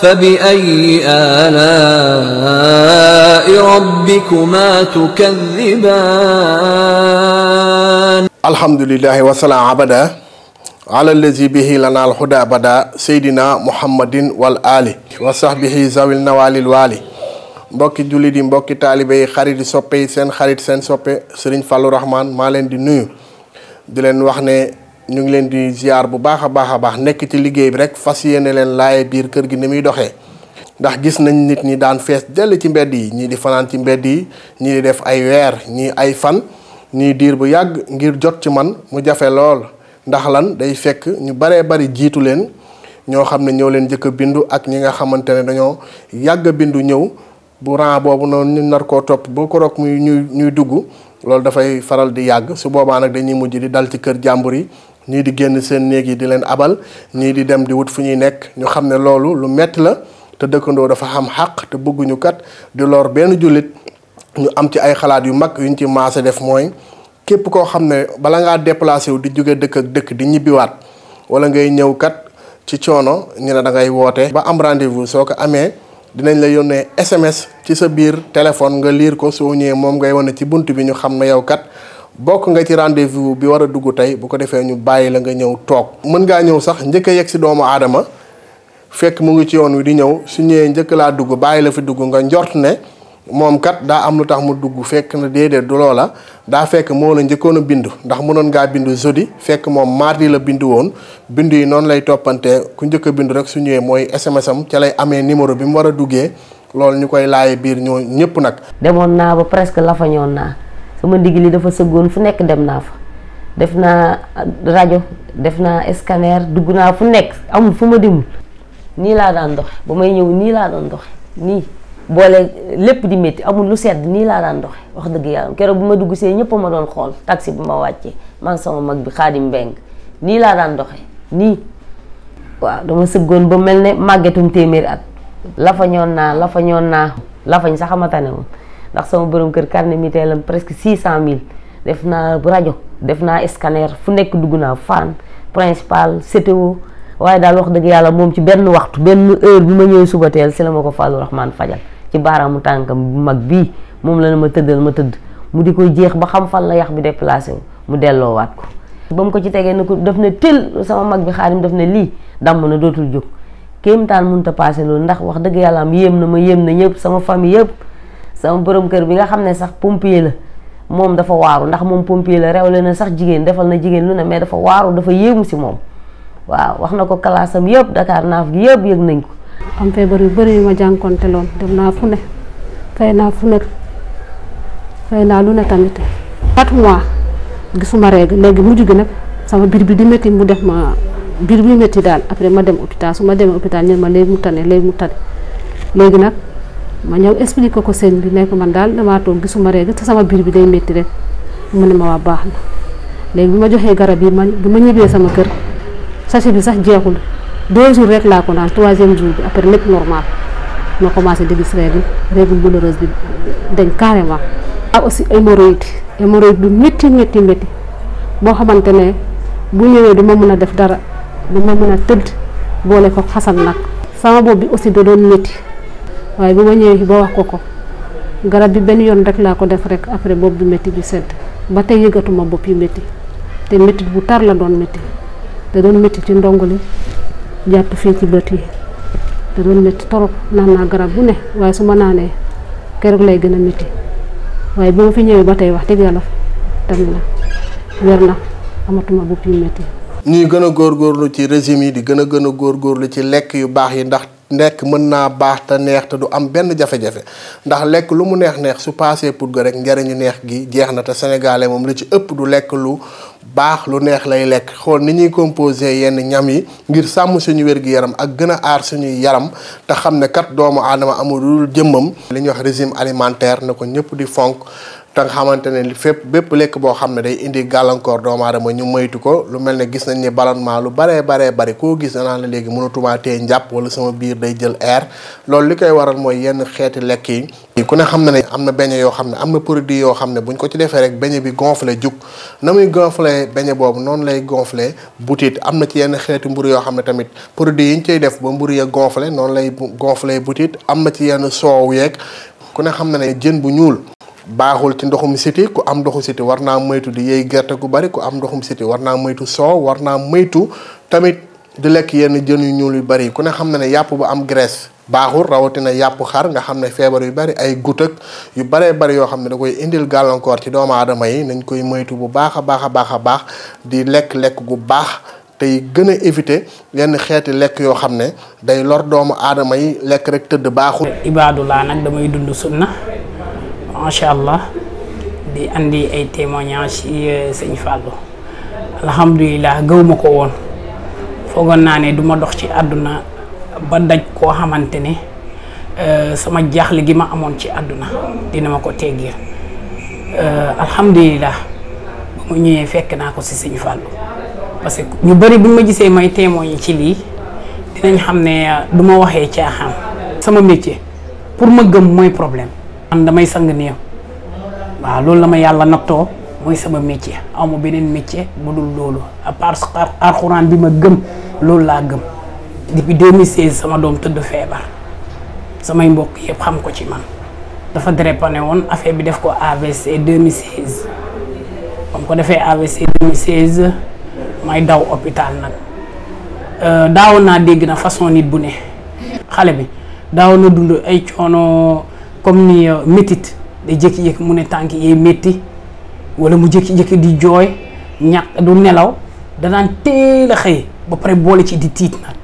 فبأي آلاء ربكما تكذبان الحمد لله وسلام عبدا على الذي به لنا الهدى بدا سيدنا محمد والآل وصحبه ذوي النوال الوالي mbokki julit yi mbokki talibé yi xarit soppe yi seen xarit sen soppe Serigne Fallou Rahman ma len di nuyu di len wax ne ñu ngi leen di ziar bu baax a baax a baax nekk ci liggéey bi rek fas yéene leen laaye biir kër gi ni muy doxee ndax gis nañ nit ñi daan fees dell ci mbedd yi ñii di fanaan ci mbedd yi ñii di def ay weer ñii ay fan ñii diir bu yàgg ngir jot ci man mu jafe lool ndax lan day fekk ñu baree bari jiitu leen ñoo xam ne ñoo leen jëkk a bindu ak ñi nga xamante ne dañoo yàgg a bindu ñëw bu rang boobu noonu ñu nar koo topp boo koroog muy ñuy ñuy dugg loolu dafay faral di yàgg su boobaa nag dañuy mujj di dal ci kër jàmbur yi ñii di génn seen néeg yi di leen abal ñii di dem di wut fu ñuy nekk ñu xam ne loolu lu metti la te dëkkandoo dafa xam xàq te bëgguñu kat di lor benn jullit ñu am ci ay xalaat yu mag yuñ ci maase def mooy képp koo xam ne bala ngaa déplacé wu di jóge dëkk ak dëkk di ñibbiwaat wala ngay ñëw kat ci coono ñu ne dangay woote. ba am rendez-vous soo ko amee dinañ la yónnee SMS ci sa biir téléphone nga liir ko soo ñëwee moom ngay wane ci bunt bi ñu xam ne yow kat. bokk nga ci rendez-vous bi war a dugg tey bu ko defee ñu bàyyi la nga ñëw toog mën ngaa ñëw sax njëkk a yegg si doomu aadama fekk mu ngi ci yoon wi di ñëw su ñëwee njëkk laa dugg bàyyi la fi dugg nga njort ne moom kat daa am lu tax mu dugg fekk na déedéet du loola daa fekk moo la njëkkoon a bindu ndax mënoon ngaa bindu jeudi fekk moom mardi la bindu woon bindu yi noonu lay toppante ku njëkk a bindu rek su ñëwee mooy SMS am ca lay amee numéro bi mu war a duggee loolu ñu koy laaye biir ñoo ñëpp nag. demoon naa ba la sama ndigg li dafa sëggoon fu nekk dem naa fa def naa rajo def naa scanner dugg naa fu nekk amul fu ma demul nii laa daan doxe ba may ñëw nii laa doon doxe nii boole lépp di metti amul lu sedd nii laa daan doxe wax dëgg yàlla keroog bu ma dugg see ñëpp ma doon xool taxi bi ma wàccee maa ngi sama mag bi xaadim mbeng nii laa daan doxe nii waaw dama sëggoon ba mel ne màggetum téeméer at lafañoon naa lafañoon naa lafañ sax ma tane woon ndax sama borom keur carnet mutuel presque 600000 def naa rajo def naa scanner fu nek duguna fan principal CTO waye dal wax deug yalla mom ci benn waxtu benn heure bima ñew subatel suba teel Rahman fajal ci baaraamu tankam mag bi mom la ma teudal ma teud mu di ko jeex ba xam fan la yax bi déplacer wu mu wat ko. bam ko ci ne ko til sama mag bi xaarim daf ne lii damm na dootul jóg kéemtaan mënut a paase lo ndax wax deug yalla am yem na ma yem na ñepp sama fami yepp sama borom kër bi nga xam ne sax pompier la moom dafa waaru ndax moom pompier la rewle na sax jigéen defal na jigéen lu ne mais dafa waaru dafa yéemu si moom waaw wax na ko kalaasam yëpp Dakar naaf gi yëpp yëg nañ ko. am feebar yu bari yu ma jànkonte loon dem naa fu ne fay naa fu ne fay naa lu ne tamit quatre mois gisuma règle léegi mujj gi nag sama biir bi di métti mu def ma biir bi métti daal après ma dem hôpital su ma demee hôpital ñun ma léegi mu tane mu tane léegi nag. ma ñëw expliqué ko seen bi nekk man daal damaa toog gisuma règle te sama biir bi day métti rek mu ni ma waa baax na léegi bi ma joxee garab yi ma bi ma ñibbee sama kër sachet bi sax jeexul deux jours rek laa ko naan troisième jour bi après lépp normal ma commencé di gis règle règle douloureuse bi dañ carrément. ah aussi hémorroïde hémorroïde bu métti métti métti boo xamante ne bu ñëwee du mën a def dara du ma mën a tëdd boole ko xasan nag sama bopp bi aussi da doon métti. waaye bu ma ñëwee ba wax ko ko garab bi benn yoon rek laa ko def rek après bopp bi métti bi sedd ba tey yëgatuma bopp yi métti te métti bu tar la doon metti te doon métti ci ndongo li jàpp fii ci bët yi te doon métti torop naan naa garab bu ne waaye su ma naanee keroog lay gën a métti waaye bu ma fi ñëwee ba tey wax dëgg yàlla tamit na na amatuma bopp yu métti gën a góor góorgóorlu ci régime yi di gën a gën a góor góorgóorlu ci lekk yu baax yi ndax nekk mën naa baax te neex te du am benn jafe-jafe ndax lekk lu mu neex neex su paasee pour ga rek njariñu neex gi jeex na te sénégalais moom lu ci ëpp du lekk lu baax lu neex lay lekk xool ni ñuy composé yenn ñam yi ngir sàmm suñu wér-gi-yaram ak gën a aar suñuy yaram te xam ne kat doomu aadama amul lu dul jëmmam li ñuy wax régime alimentaire na ko ñëpp di fonk te nga xamante ne fépp bépp lekk boo xam ne day indi gàllankoor doomu aadama ñu moytu ko lu mel ne gis nañ ne ballonnement lu bare baree bari koo gis danaa la léegi mënatuma tee njàpp wala sama biir day jël air loolu li koy waral mooy yenn xeeti lekk yi ku ne xam na ne am na beñe yoo xam ne am na produit yoo xam ne buñ ko ci defee rek beñe bi gonflé jug na muy gonflé beñe boobu noonu lay gonflé butit am na ci yenn xeeti mburu yoo xam ne tamit produit yi ñu cay def ba mburu ya gonflé noonu lay gonflé butit am na ci yenn soow yeeg ku xam na bu ñuul baaxul ci ndoxum siti ku am ndoxu siti war naa moytu di yey gerte gu bari ku am ndoxum siti war naa moytu soow war naa moytu tamit di lekk yenn jën yu ñuul yu bari ku ne xam na ne yàpp bu am graisse baaxul rawatina yàpp xar nga xam ne feebar yu bari ay gutëg yu baree bari yoo xam ne da koy indil gàllankoor ci doomu aadama yi nañ koy moytu bu baax a baax a baax a baax di lekk-lekk gu baax tey gën a éviter yenn xeeti lekk yoo xam ne day lor doomu aadama yi lekk rek tëdd baaxul. ibaadu laa nag damay dund sunna macha allah di andi ay témoignages ci euh, sëñ Fallou alhamdulilah gëwuma ko woon foogoon naa ne duma dox ci àdduna ba daj koo xamante ne euh, sama jaaxle gi ma amoon ci àdduna dina ma ko teggee euh, alhamdulilah ba mu ñëwee fekk naa ko si sëñ Fallou parce que ñu bari bu ma gisee may témoigner ci lii dinañ xam ne duma waxee caaxaan sama métier pour ma gëm mooy problème. man damay sang néew waaw loolu la ma yàlla nattoo mooy sama métier amu beneen métier bu dul loolu à part alxuraan bi ma gëm loolu laa gëm depuis 2016 sama doom tëdd feebar samay mbokk yëpp xam ko ci man dafa dérépané woon affaire bi def ko AVC 2016 bam ko defee AVC 2016 may daw hôpital nag euh, daawoon naa dégg na façon nit bu ne xale bi daawoon na dund ay coono comme ni euh, métit day jékki-jékki mu ne tànk yee métti wala mu jékki-jékki di jooy ñàkk du nelaw danaan teel a xëy ba pare boole ci di tiit nag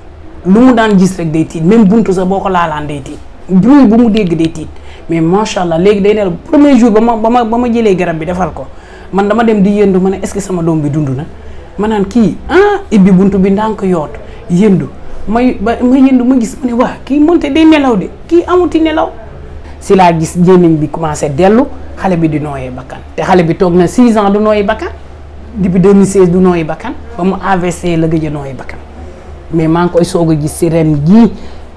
lu mu daan gis rek day tiit même buntu sax boo ko laalaan day tiit bu mu dégg day tiit mais macha allah léegi day nelaw premier jour ba ma ba ma ba ma jëlee garab bi defal ko man dama dem di yëndu ma ne est-ce que sama doom bi dund na ma naan kii ah ibbi bunt bi ndànk yoot yëndu may ba ma yëndu ma gis ma ne waa kii moonte day nelaw de kii amuti nelaw. si laa gis jémmiñ bi commencé dellu xale bi di nooyee bakkan te xale bi toog na 6 ans du nooyi bakkan depuis 2016 du nooyi bakkan ba mu AVC la gëj a bakkan mais maa ngi koy soog a gis si ren ji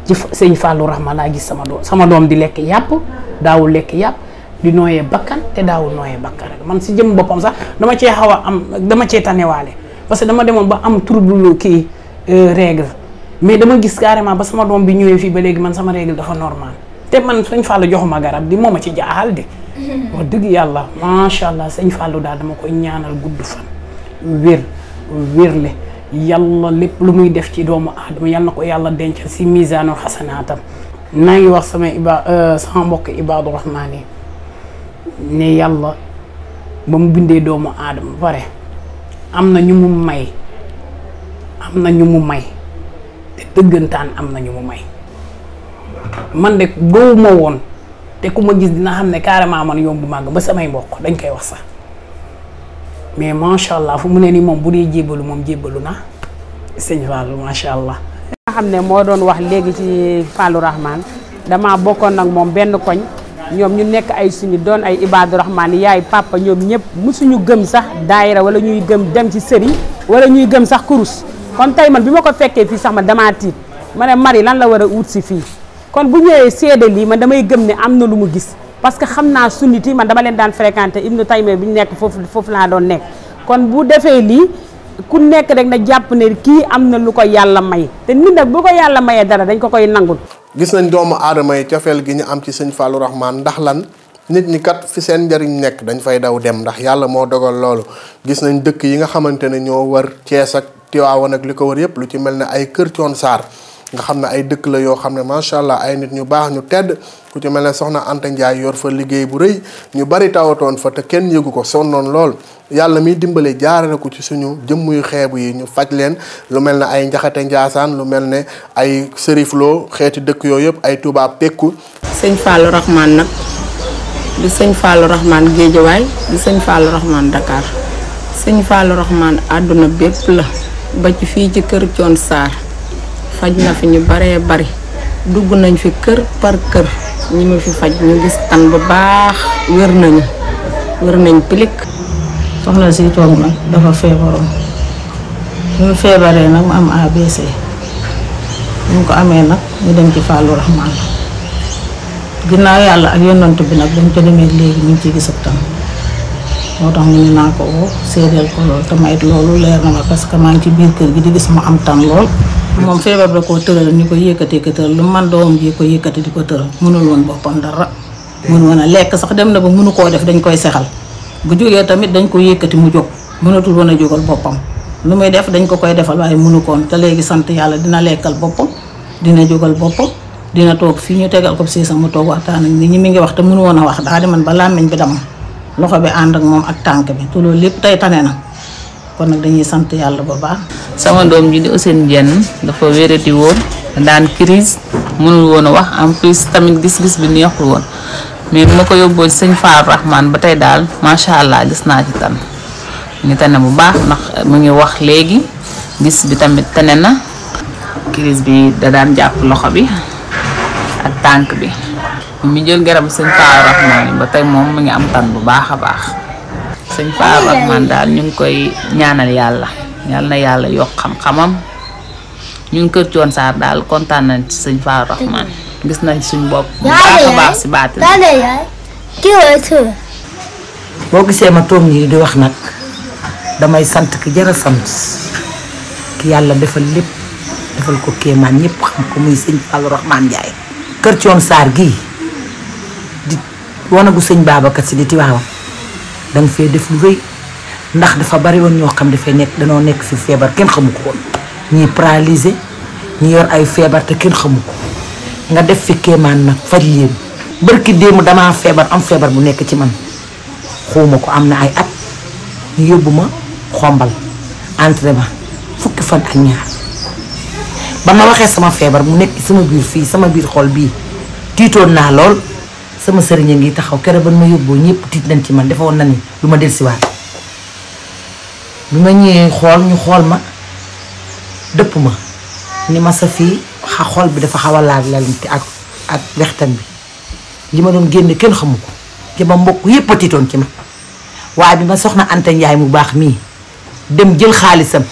ci sëñ rax ma laa gis sama doom sama doom di lekk yàpp daawul lekk yàpp di nooyee bakkan te daawul nooyee bakkan rek man si jëm boppam sax dama cee xaw am dama cee tanewaale parce que dama demoon ba am trouble kii euh, règle mais dama gis carrément ba sama doom bi ñëwee fii ba léegi man sama règle dafa normal te man sëñ Fallou joxuma garab di moom a ci jaaxal de. wax dëgg yàlla macha allah sëñ Fallou daal dama koy ñaanal gudd fan. wér wérle yàlla lépp lu muy def ci doomu aadama yal na ko yàlla denc si misaanu xasanaatam ngi wax sama iba euh, sama mbokk ibaadu rahmaan yi ne yàlla ba mu bindee doomu aadama ba pare am na ñu mu may am na ñu mu may te dëggantaan am na ñu mu may. man de gowuma woon te ku ma gis dina xam ne carrément man yomb màgg ba samay mboq dañ koy wax sax mais macha allah fu mu ne nii moom bu dee jébbalu moom jébbalu na sëñ Fallou macha allah. nga xam ne moo doon wax léegi ci Fallou Rahman damaa bokkoon nag moom benn koñ ñoom ñu nekk ay suñu doon ay Ibadu Rahman yaay papa ñoom ñëpp suñu gëm sax daayira wala ñuy gëm dem ci sëriñ wala ñuy gëm sax kurus kon tey man bi ma ko fekkee fii sax ma damaa tiit ma ne lan la war a wut si fii. kon bu ñëwee seede lii man damay gëm ne am na lu mu gis parce que xam naa sunnit yi man dama leen daan fréquenté Ibnu Taymiya bi ñu nekk foofu foofu laa doon nekk kon bu defee lii ku nekk rek na jàpp ne kii am na lu ko yàlla may te nit nag bu ko yàlla mayee dara dañ ko koy nangul gis nañ doomu aadama yi cofeel gi ñu am ci sëñ Fallou Rahman ndax lan nit ñi kat fi seen njariñ nekk dañ fay daw dem ndax yàlla moo dogal loolu gis nañ dëkk yi nga xamante ne ñoo wër Cees ak Tiwaawan ak li ko wër yëpp lu ci mel ne ay kër coon saar nga xam ne ay dëkk la yoo xam ne macha allah ay nit ñu baax ñu tedd ku ci mel ne soxna Anta Ndiaye yor fa liggéey bu rëy ñu bari tawatoon fa te kenn yëgu ko noon lool yàlla mi dimbale jaarale ko ci suñu jëmm yu xeebu yi ñu faj leen lu mel ne ay njaxate njaasaan lu mel ne ay sërifloo xeeti dëkk yooyu yëpp ay tubaab Pekku. sëñ Fallou Rahman nag di sëñ Fallou Rahman Géejawaay di sëñ Fallou Rahman Dakar sëñ Fallou Rahman àdduna bépp la ba ci fii ci kër Thione faj na fi ñu baree bari dugg nañ fi kër par kër ñi ma fi faj ñu gis tan bu baax wér nañu wér nañ pilik soxna si toog nag dafa feebaroon bi mu feebaree nag mu am ABC bi mu ko amee nag ñu dem ci Fallou Rahman ginnaaw yàlla ak yonant bi nag dañ ko demee léegi ñu ngi ciy gis ak tan moo tax ñu naa ko woo séedeel ko lool te may loolu leer na ma parce que maa ngi ci biir kër gi di gis mu am tan lool moom feebar ba koo tëral ñu ko yëkkatee ko tëral lu man doom ji ko yëkkati di ko tëral munul woon boppam dara mënu woon a lekk sax dem na ba mënu koo def dañ koy sexal bu jógee tamit dañ ko yëkkati mu jóg mënatul woon a jógal boppam lu muy def dañ ko koy defal waaye munu koon te léegi sant yàlla dina lekkal boppam dina jógal boppam dina toog fii ñu tegal ko siisa mu toog waxtaan ak nit ñi mi ngi wax te mënu woon a wax daa di man ba làmmiñ bi dama loxo bi ànd ak moom ak tànk bi te loolu lépp tey tane na kon nak dañuy sante yalla bu baax sama dom ji di Ousseyne Dieng dafa wérati woon daan crise mënul woon wax en plus tamit gis-gis bi neexul woon mais mako yobbo seigne sëñ Rahman ba dal ma sha allah gis na ci tan ni tane bu baax nak mu ngi wax legi gis bi tamit tane na crise bi da daan japp loxo bi ak tank bi mi jël garab seigne Faal Rahman ba tay mom mu ngi am tan bu baaxa baax sëñ Fall ak man daal ñu ngi koy ñaanal yàlla yàlla na yàlla yokk xam-xamam ñun kër Thione Sarr daal kontaan nañ sëñ Fall Rahman gis nañ suñ bopp boo gisee ma toog nii di wax nag damay sant ki jara sant ki yàlla defal lépp defal ko kéemaan ñëpp xam ko muy sëñ Fall Rahman Ndiaye kër Thione Sarr gii di wanagu sëñ Babacar si di Tiwaawan danga fee def lu rëy ndax dafa bari woon ñoo xam dafay nekk danoo nekk fi feebar kenn xamu ko woon ñii paralysé ñi yor ay feebar te kenn xamu nga def fi kéemaan nag faj leen bërki démb damaa feebar am feebar bu nekk ci man xawma ko am na ay at ñu yóbbu ma xombal entraînement fukki fan ak ñaar ba ma waxee sama feebar mu nekk sama biir fii sama biir xool bii tiitoon naa lool sama serigne ngi taxaw kéré ban ma yobbo ñepp tit nañ ci man defoon nañ luma del ci waat bi ma xol ñu xol ma dëpp ma ni ma sa fi xa xol bi dafa xawa laal laal ci ak ak wextan bi li ma doon genn kenn xamuko ci ba mbokk yépp titon ci ma waay bi ma soxna ante Njaay mu bax mi dem jël xaalisam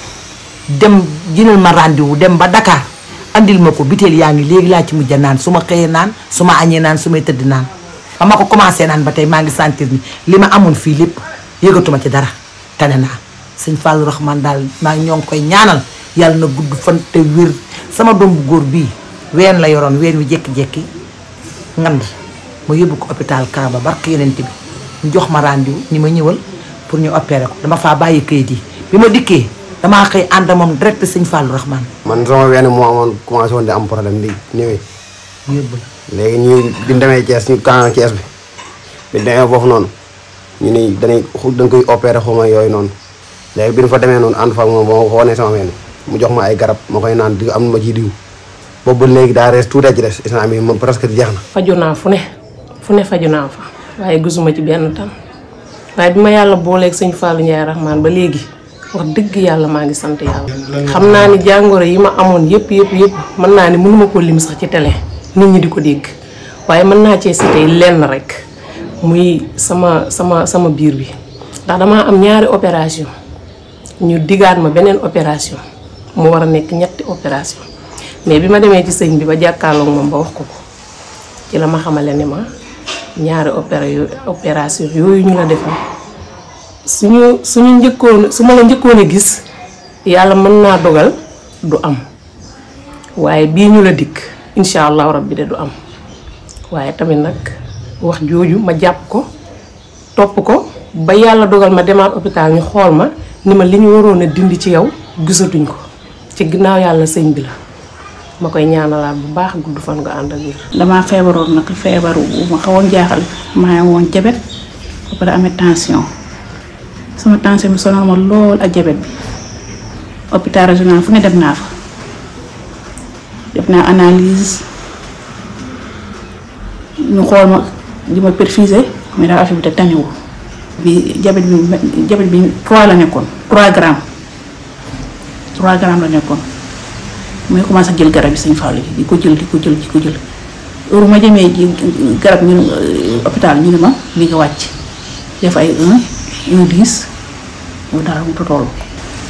dem jinal ma rendez dem ba Dakar andil mako bitel yaangi legui la ci mujj naan su ma xëyee naan su ma ba ko commencé nan batay mangi sentir ni lima amone amoon yegatuma ci dara tanena seigne fall Rahman dal ma koy ñaanal yalla na gudd fan te wir sama doom bu góor bii ween la yoron ween wi jékki-jékki ngand mo yebbu ko hôpital Kaaba barki yenente bi ñu jox ma rendez-vous ni ma ñewal pour ñu opérer ko dama fa baye direct seigne fall Rahman. man sama ween mo amone commencé won di am problème ni ñewé yebbu la. léegi ñu bi mu demee Thiès ñu camp Thiès bi bi mu demee foofu noonu ñu ni danañ dañ koy opéré xuma yooyu noonu léegi bi ñu fa demee noonu ànd fa boo xoolee sama mu jox ma ay garab ma koy naan di am ma ciy diw boobu ba léegi daa rees tuuti ci des islam yi moom presque jeex na. faju naa fu ne fu ne faju naa waaye gisuma ci benn tan waaye bi ma yàlla booleeg sëñ Fallou Ndiaye Rahman ba léegi wax dëgg yàlla maa ngi sant yàlla. xam naa ni jàngooro yi ma amoon yëpp yëpp yëpp mën naa ni mënuma koo lim sax ci télé. nit ñi wae mana waye man na ci cité lenn rek muy sama sama sama biir bi ndax dama am ñaari opération ñu digaat ma benen opération mu wara nek ñetti opération mais bima démé ci sëñ bi ba ak mom ba wax ko ko ci la ma xamalé ni ma ñaari opération opération yoyu ñu la defal suñu suñu njëkkoon suma la gis yalla mën na dogal du am waye bi ñu la dik incha allahu rabbi de du am waaye tamit nag wax jooju ma jàpp ko topp ko ba yàlla dogal ma demaat hôpital ñu xool ma ni ma li ñu waroon a dindi ci yow gisatuñ ko ci ginnaaw yàlla sëñ bi la ma koy ñaanalaat bu baax gudd fan nga ànd ak wér. damaa feebaroon nag feebaru bu ma xawoon jaaxal maa ngi woon jabet ba pare amee tension sama tension bi sonal ma lool ak jabet bi hôpital régional fu ne dem naa fa. def naa analyse ñu xool ma di ma perfuser mais daal affaire bi te tanewul bi jabet bi jabet bi 3 la nekkoon 3 grammes 3 grammes la nekkoon muy commencé jël garab yi sëñ Fall yi di ko jël di ko jël di ko jël heure ma jëmee ji garab ñu euh, hôpital ñu ne ma li nga wàcc def ay 1 1 10 mu daal mu toll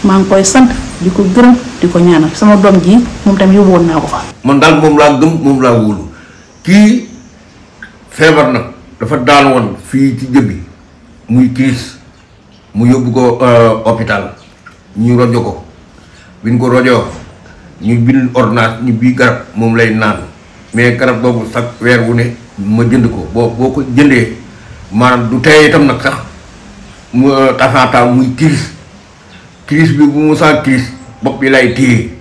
maa ngi koy sant. di gërëm di ñaanal sama doom ji mom tam yobon woon ko fa man dal mom la gëm mom la wul ki feebar na dafa daal won fi ci jëbi muy crise mu yobbu ko euh, hôpital ñu rojo ko biñ ko rojo ñu bind ordonnance ñu bi garab mom lay naan mais garab bobu sax wër wu ne ma jënd ko boo boo ko du tayé tam nak sax mu euh, tafata muy crise crise bi bu mu saa crise bopp bi lay téye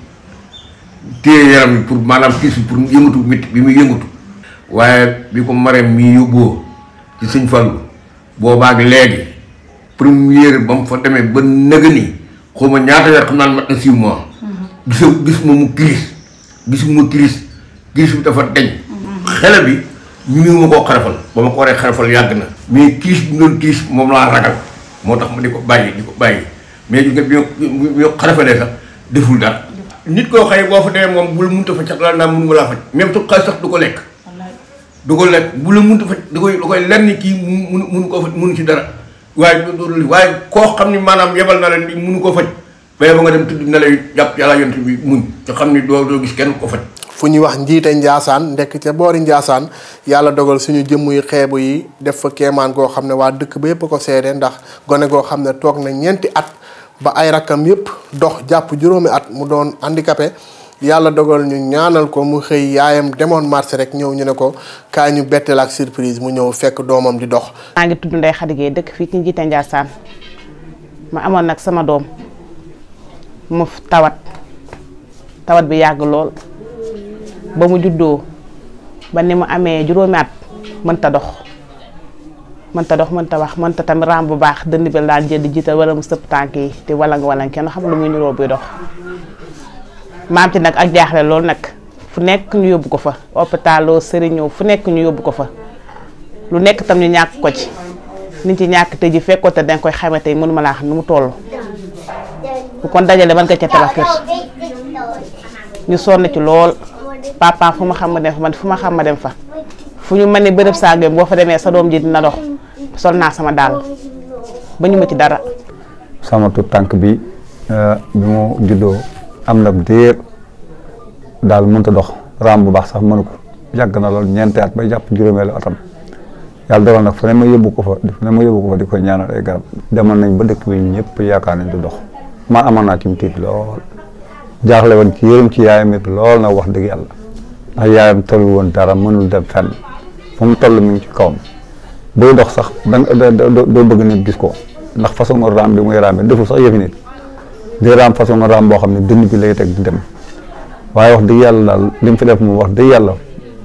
téye yaram bi pour maanaam crise bi pour mu yëngatu mit bi mu yëngatu waaye bi ko Marème mi yóbboo ci fa Fallu boobaag léegi première ba mu fa demee ba nëgë ni xaw ma ñaata weer xam naa ne mat na six mois gis mhm. gis mu crise gis ma crise crise bi dafa deñ mhm. xele bi ñu ngi ma koo xarafal ba ma ko waree xarafal yàgg na mais crise bi mu doon crise moom laa ragal moo tax ma di ko bàyyi di ko bàyyi mais gis nga bi ñu xarafalee sax deful dara. nit koo xëy boo fa demee moom bu la mënta faj sax daal naa mënuma laa faj du ko lekk. du ko lekk bu la mënta faj da koy da koy lenn kii mu mënu ci dara waaye du waaye koo xam ne maanaam yebal na la ni mënu koo faj ba ba nga dem tudd na lay jàpp yàlla yont bi muñ te xam ni doo doo gis kenn ko faj. fu ñuy wax njiite njaasaan ndekk ca boori njaasaan yàlla dogal suñu jëmm yu xeebu yi def fa keemaan goo xam ne waa dëkk ba yëpp ko seede ndax gone goo xam ne toog na ñeenti at ba ay rakkam yëpp dox jàpp juróomi at mu doon indi kape yàlla dogal ñu ñaanal ko mu xëy yaayam demoon marché rek ñëw ñu ne ko kaa ñu betteel ak surprise mu ñëw fekk doomam di dox. maa ngi tudd Ndeye Khady Gueye dëkk fii ci Njiite Ndiassane ma amoon nag sama doom mu tawat tawat bi yàgg lool ba mu juddoo ba ni mu amee juróomi at mënta dox. mënta dox mënta wax mënta tamit raam bu baax dënn bi daan di jiital wala mu sëpp tànk yi di walang walang kenn xam lu muy niroo buy dox. maam ci nag ak jaaxle loolu nag fu nekk yóbbu ko fa hôpitaloo sëriñoo fu nekk ñu yóbbu ko fa lu nekk tam ñu ñàkk ko ci niñ ci ñàkk te ji fekkoon te danga koy xame tey mënuma laa xam nu mu toll. bu kon dajale mën nga ca tabax kër ñu sonn ci lool papa fu ma xam ma dem fa man fu ma xam ma dem fa fu ñu mën ne bërëb sàngeem boo fa demee sa doom ji dina dox. sol sama dal ba ñu ma ci dara. sama tu tank bi eh, bi mu juddoo am na dal mën ta dox ram bu baax sax mënu ko yag na lol ñeenti at bay japp juróomeelu atam yalla dogal nak fu ne ma yóbbu ko fa fu ne ma yóbbu ko fa diko ñaanal ay garab demoon nañ ba dekk bi ñepp yaakaar nañ du dox ma amana ci mu tiit lool jaaxle woon ci yeerum ci yaayam it lol na wax deug yalla ay yaayam tollu won dara mënul dem fenn fu mu tollu mi ci kawm booy dox sax da doo bëgg nit gis ko ndax façon raam bi muy raam bi defu sax yëfi nit di raam façon raam boo xam ne dund bi lay teg di dem waaye wax dëgg yàlla daal li mu fi def wax dëgg yàlla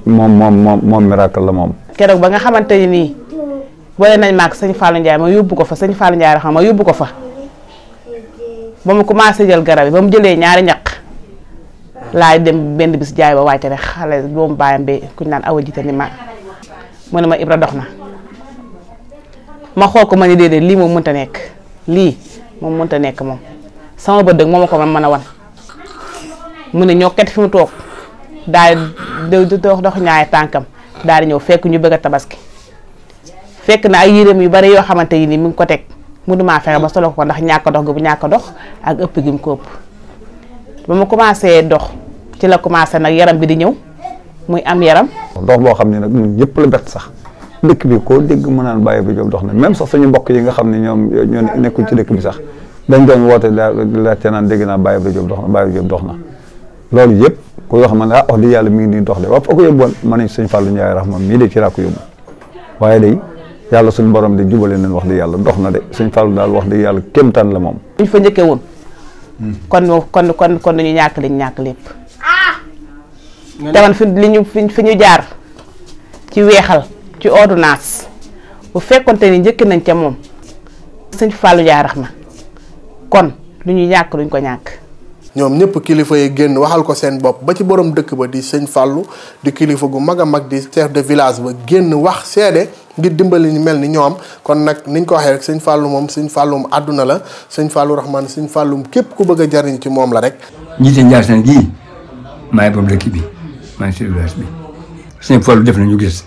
moom moom moom moom miracle la moom. keroog ba nga xamante ni nii boole nañ ma sëñ Fallou Ndiaye ma yóbbu ko fa sañ Fallou Ndiaye xam ma yóbbu ko fa ba mu commencé jël garab yi ba mu jëlee ñaari ñaq laay dem benn bis jaay ba wàcce rek xale doomu baayam bi kuñ naan awa jiite ni ma mu ne ma Ibra dox na. ma xool ko ma ni déedéet lii moom mënta nekk lii moom mënta nekk moom sama ba dëgg moom ko man mën a wan mu ne ñoo ket fi mu toog daal di dox dox ñaay tànkam daal di ñëw fekk ñu bëgg a tabaski fekk na ay yéreem yu bari yoo xamante yi nii mu ngi ko teg mënumaa fexe ba solo ko ndax ñàkk dox gi bu ñàkk dox ak ëpp gi mu ko ëpp ba mu commencé dox ci la commencé nag yaram bi di ñëw muy am yaram. ndox boo xam ne nag ñun ñëpp la bett sax. dëkk bi koo dégg mu naan bàyyi ba Jóob dox na même sax suñu mbokk yi nga xam ne ñoom ñoo nekkul ci dëkk bi sax dañ doon woote laajte naan dégg naa bàyyi ba Jóob dox na bàyyi ba Jóob dox na loolu yëpp ku yoo xam ne ah wax dëgg yàlla mi ngi nii dox de waa fa ko yóbboon mën nañ suñ Fallou Ndiaye raxma mii de ci laa ko yóbbu waaye day yàlla suñ borom de jubale nañ wax dëgg yàlla dox na de la moom liñ fa njëkkee woon hmm. kon kon kon kon dañu ñàkk liñ ñàkk lépp ah! te man fi ñu fi ñu jaar ci weexal ci ordonnance bu fekkonte ni njëkk nañ ca moom sëñ Fallou jaarax na kon lu ñuy ñàkk duñ ko ñàkk. ñoom ñëpp kilifa yi génn waxal ko seen bopp ba ci borom dëkk ba di sëñ fàllu di kilifa gu mag a mag di chef de village ba génn wax seede ngir dimbali ñu mel ni ñoom kon nag niñ ko waxee rek sëñ fàllu moom sëñ fàllum àdduna la sëñ Fallou Rahman sëñ fàllum képp ku bëgg a jariñ ci moom la rek. njiite Ndiassane gii maay borom dëkk bi maay sëñ Fallou def nañu gis.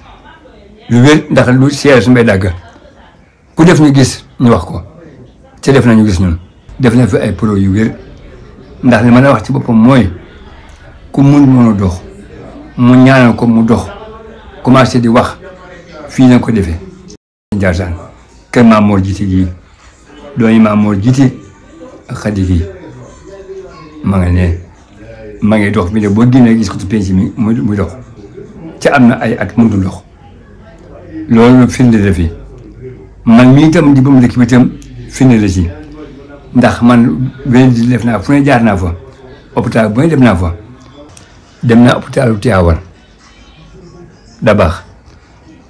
lu wér ndax lu seer su may dàgg ku def ñu gis ñu wax ko te def nañu gis ñun def na fi ay pro yu wér ndax li mën a wax ci boppam mooy ku mun mënu dox mu ñaanal ko mu dox commencé di wax fii lañ ko defee Njaasaan kër Maam Moor Jiti gii dooñu Maam Moor Jiti ak Xadi gii ma nga ngi dox bi ne boo génnee gis ko ci penc mi muy dox ci am na ay at mënul dox loolu firnde la fi man mii itam di ba mu dëkk bi itam firnde la ci ndax man wéy di def naa fu ne jaar naa fa hôpital bu ne dem naa fa dem naa hôpitalu Tivaouane Dabax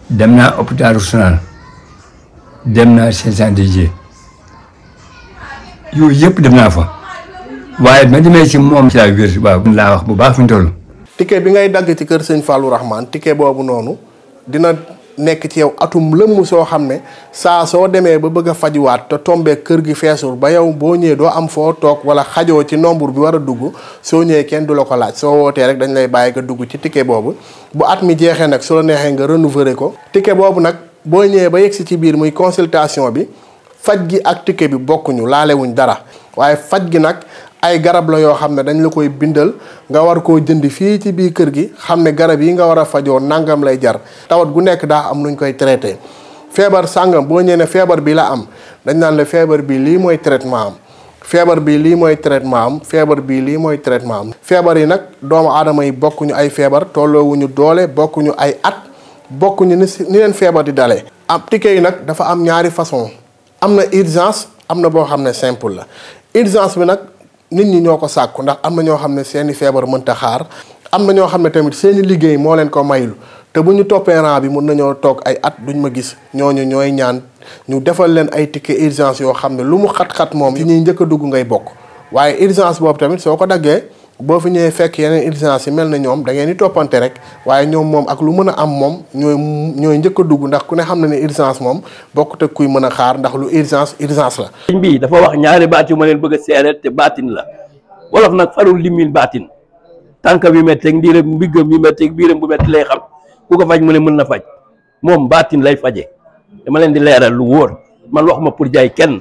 dem naa hôpitalu Sonal dem naa Saint-Louis yooyu yëpp dem naa fa waaye ma demee ci moom ci laa wér waaw laa wax bu baax fi mu bi ngay dagg ci kër sëñ Fallou Rahman ticket boobu noonu dina nekk ci yow atum lëmm soo xam ne saa soo demee ba bëgg a fajuwaat te tombee kër gi feesul ba yow boo ñëwee doo am foo toog wala xajoo ci nombre bi war a dugg soo ñëwee kenn du la ko laaj soo wootee rek dañ lay bàyyi ko dugg ci ticket boobu bu at mi jeexee nag su la neexee nga renouveler ko ticket boobu nag boo ñëwee ba yegsi ci biir muy consultation bi faj gi ak ticket bi bokkuñu laalewuñ dara waaye faj gi nag ay garab la yoo xam ne dañ la koy bindal nga war koo jënd fii ci biir kër gi xam ne garab yi nga war a fajoo nangam lay jar tawat gu nekk daa am nuñ koy traité feebar sàngam boo ñëwee ne feebar bi la am dañ naan la feebar bi lii mooy traitement feebar bi lii mooy traitement feebar bi lii mooy traitement feebar yi nag doomu aadama yi bokkuñu ay feebar tolloowuñu doole bokkuñu ay at bokkuñu ni si ni di dalee am ticket yi nag dafa am ñaari façon am na urgence am na boo xam ne simple la urgence bi nag nit ñi ñoo ko sàkku ndax am na ñoo xam ne seeni feebar mënta xaar am na ñoo xam ne tamit seeni liggéey moo leen ko maylu te bu ñu toppee rang bi mun nañoo toog ay at duñ ma gis ñooñu ñooy ñaan ñu defal leen ay ticket urgence yoo xam ne lu mu xat-xat moom ci ñuy njëkk dugg ngay bokk waaye urgence boobu tamit soo ko daggee bo fi ñëwee fekk yeneen urgence melni mel ñoom da ngay ni topanté rek waye ñoom mom ak lu mëna am mom ñoy ñoy ñëk dugg ndax ku ne xamna ni ne urgence moom bokkut kuy mëna xaar ndax lu urgence urgence la. señ bi dafa wax ñaari baat yu ma leen bëgg a té te la wolof nak farul limil batin, tanka bi métteeg ak mbiggam bi ak biram bu metti lay xam ku ko faj mu ne mën na faj mom baatin lay faje dama leen di leeral lu woor man waxuma pour jaay kenn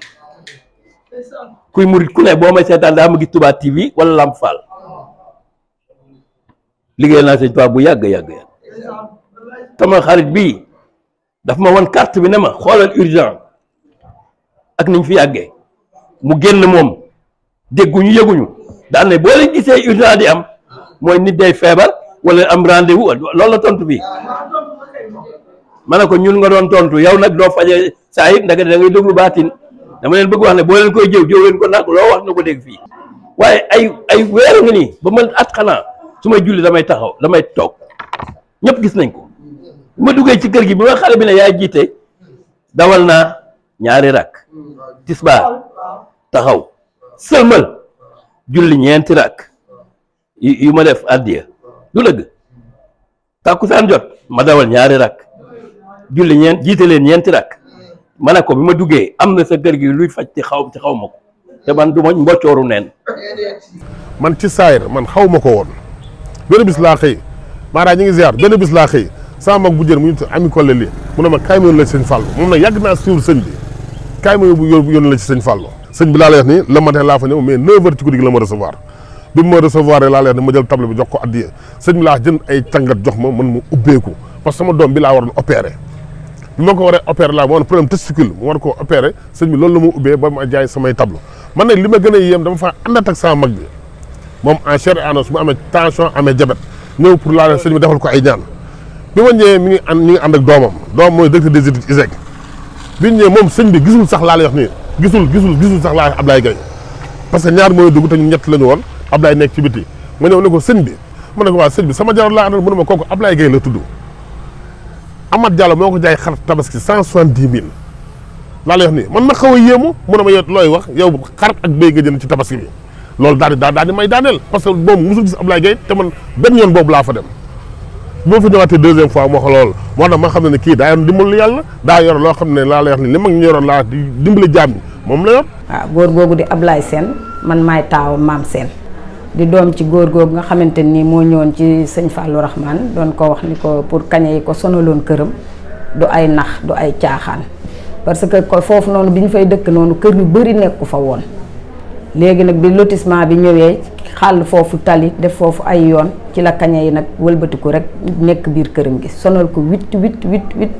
kuy mourid ku ne bo may da ma gis tuba TV wala Lamp Fall liggéey naa sëñ Tuubaa bu yàgg yàgg yàgg sama xarit bii dafa ma wan kart bi ne ma xoolal urgent ak niñ fi yàggee mu génn moom dégguñu yëguñu daan ne boo gisee urgent di am mooy nit day feebar wala am rendez wu loolu la tontu bi ma ne ko ñun nga doon tontu yow nag doo faje saa yit ndaga da ngay déglu baatin dama leen bëgg wax ne boo leen koy jëw jëw leen ko nag loo wax na ko dégg fii waaye ay ay weer nga ba mën at xanaa su may julli damay taxaw damay toog ñëpp gis nañ ko ma duggee ci kër gi bi ma xale bi na yaay jiite dawal na ñaari rakk tisbaar taxaw sëlmal julli ñeenti rakk yu ma def addiya du lëgg tàkkusaan jot ma dawal ñaari rakk julli ñeent jiite leen ñeenti rakk ma ne ko bi ma duggee am na sa kër gi luy faj ci xaw ci xaw ma ko te man du ma mboccooru neen man ci saayir man xaw ma ko woon benn bis laa xëy maanaam ñu ngi ziar benn bis laa xëy sama mag bu jën mu ñu ami kolle li mu ne ma kaay ma yónni la ci sëñ Fallou moom nag la ci sëñ Fallou la ma recevoir ma recevoir rek laa lay wax ni ma jël jox ma man ma ubbeeku parce que sama doom bi laa waroon opéré ko waree opéré laa ma woon problème testicule mu war koo opéré li ma gën a yéem dama faa àndat ak sama mag bi moom en chair et en os mu amee tension amee jabet ñëw pour laal sëñ bi defal ko ay ñaan bi ma ñëwee mi ngi am ñu ngi ànd ak doomam doomam mooy directeur des études bi moom sëñ bi gisul sax laa lay wax nii gisul gisul gisul sax laa lay Ablaye Gaye parce que ñaar mooy dugg te ñun ñett la ñu woon Ablaye nekk ci biti ma ñëw ne ko sëñ bi ma ne ko waa sëñ bi sama jaral laa àndal mu ne ma kooku Ablaye Gaye la tudd Amath Diallo moo ko jaay xar tabaski cent soixante-dix mille laa lay wax nii man ma xaw a yéemu mu ne ma yow looy wax yow xar ak béy nga jënd ci tabaski bi Lol dal dal dal may danel parce que moom mosul gis Ablaye gay te man ben yon bobu la fa dem moo fi ñëwaatee deuxième fois mo xol lol mo tax ma xamne ne ne kii daa yor dimbalu yàlla yor lo xamne la lay wax ni limak ñu di dimbali jamm mom la yor. ah gor gogu di Ablaye sen man may taw mam sen di dom ci gor gog nga xamanteni mo ñewon ci seigne Fallou Rahman Don ko wax ni ko pour kañe yi ko sonaloon këram du ay nax du ay tiaxan parce que ko fofu nonu biñ fay dekk nonu kër yu nekk fa won léegi nag bi lotissement bi ñëwee xàll foofu tali def foofu ay yoon ci la kaña yi nag wëlbatiku rek nekk biir këram gi sonal ko huit huit huit huit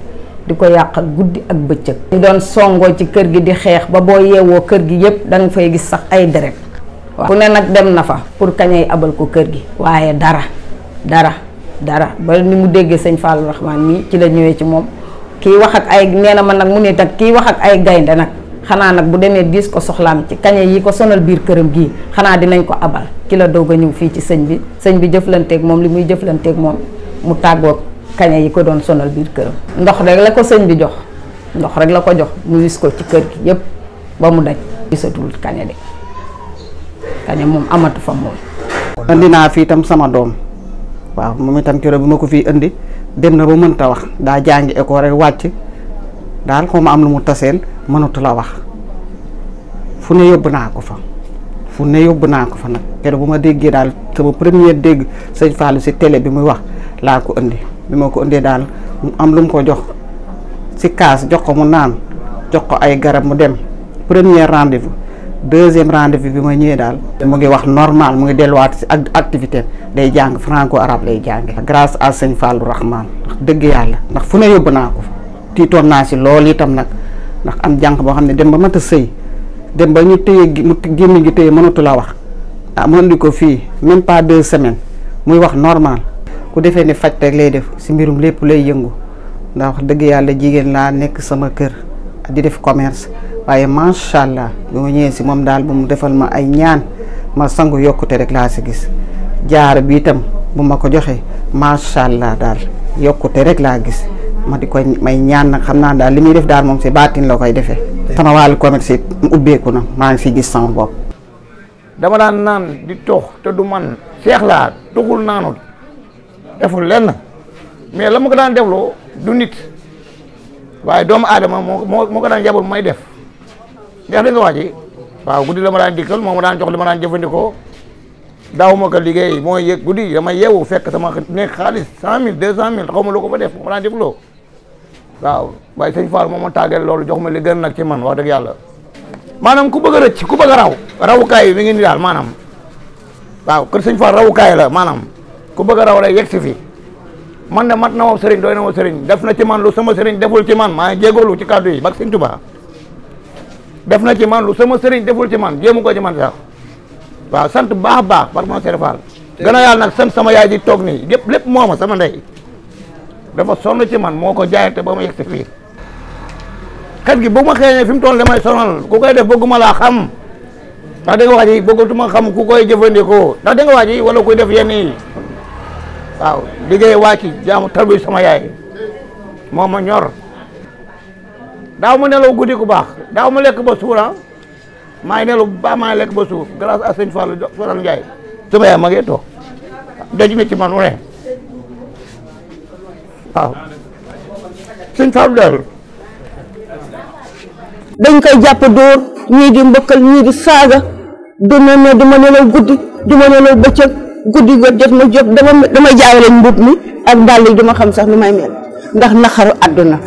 di ko yàqal guddi ak bëccëg. ñu doon songoo ci kër gi di xeex ba boo yeewoo kër gi yépp da fay gis sax ay deret ku ne nag dem na fa pour kaña yi abal ko kër gi waaye dara dara dara ba ni mu déggee sëñ Fallou Rahman mii ci la ñëwee ci moom kiy wax ak ay nee na ma nag mu ne nag kiy wax ak ay gaynde nag. xanaa nag bu demee diis ko soxlaam ci kañe yi ko sonal biir këram gii xanaa dinañ ko abal ki la doog a ñëw fii ci sëñ bi sëñ bi jëflanteek moom li muy jëflanteek moom mu tàggoog kañe yi ko doon sonal biir këram ndox rek la ko sëñ bi jox ndox rek la ko jox mu wis ko ci kër gi yépp ba mu daj gisatul kañe de kañe moom amatu fa moom indi naa fii tam sama doom waaw moom itam keroog bi ma ko fii indi dem na ba mënta wax daa jàngi école rek wàcc daal xaw ma am lu mu taseel mënatu la wax fu ne yóbbu naa ko fa fu ne yóbbu naa ko fa nag keroog bu ma déggee daal sama première dégg sëñ Fallou si télé bi muy wax laa ko indi bi ma ko indee daal mu am lu mu ko jox si kaas jox ko mu naan jox ko ay garab mu dem premier rendez-vous deuxième rendez bi ma ñëwee daal mu ngi wax normal mu ngi delluwaat si activité day jàng franco arabe lay jànge grâce à sëñ Fallou Rahman ndax dëgg yàlla ndax fu ne yóbbu tiitoon na si lol itam nak nak am jank bo xamne dem ba mata sey dem ba ñu teye mu gi teye mënatu la wax ah mu diko fi même pas deux semaines muy wax normal ku defé ni fajj rek lay def ci mbirum lepp lay yëngu ndax wax deug yalla jigen la nek sama kër di def commerce ma sha allah bu ma ñëw si mom dal bu mu defal ma ay ñaan ma sangu yokkute rek la ci gis jaar bi itam bu mako ko ma sha allah dal yokkute rek la gis ma di koy may ñaan nag xam naa daal li muy def daal moom si baatin la koy defee. sama wàllu commerce it ubbeeku na maa ngi si gis sama bopp. dama daan naan di tox te du man seex laa toxul naanut deful lenn mais la ko daan defloo du nit waaye doomu aadama moo moo moo ko daan yabal may def ndax li nga wax ji waaw guddi la ma daan dikkal moo ma daan jox li ma daan jëfandikoo daaw ma ko liggéey mooy yëg guddi dama yeewu fekk sama nekk xaalis cent mille deux cent mille xaw ma lu ko fa def moo ma daan defloo waaw waaye sëñ Fall moom ma tàggal loolu jox ma li gën nag ci man wax dëgg yàlla maanaam ku bëgg a rëcc ku bëgg a raw rawukaay yi mi ngi ni daal maanaam waaw kër sëñ Fall rawukaay la maanaam ku bëgg a raw la yegg si fi man de mat na moom sëriñ doy na moom sëriñ def na ci man lu sama sëriñ deful ci man maa ngi jégalu ci kàddu yi bak sëñ Tuubaa def na ci man sama sëriñ deful ci man jéemu ko ci man sax waaw sant baax baax par mon Serigne Fall gën a yàlla nag sant sama yaay ji toog nii yëpp lépp mooma sama ndey dafa sonn ci man moo ko jaayante ba ma yegg si fii xet gi bu ma xeeñee fi mu toll damay sonal ku koy def ma laa xam ndax da wax waa ji bëggatuma xam ku koy jëfandikoo ndax da nga waa ji wala koy def yenn yi waaw liggéey waa ci jaamu tarbi sama yaay moo ma ñor daaw ma nelaw guddi ku baax daaw ma lekk ba suura ah. maa ngi nelaw ba maa ngi lekk ba suur grâce a sëñ Fallou Faral Ndiaye sama yaay ma ngi toog mi ci man waaw suñ faalu daal dañ koy jàpp dóor ñii di mbëkkal ñii di saaga du ne ne du ma nelaw guddi du ma nelaw bëccëg guddi go jot ma jot dama dama jaawale mbub mi ak dàll yi duma xam sax lu may mel ndax naxaru àdduna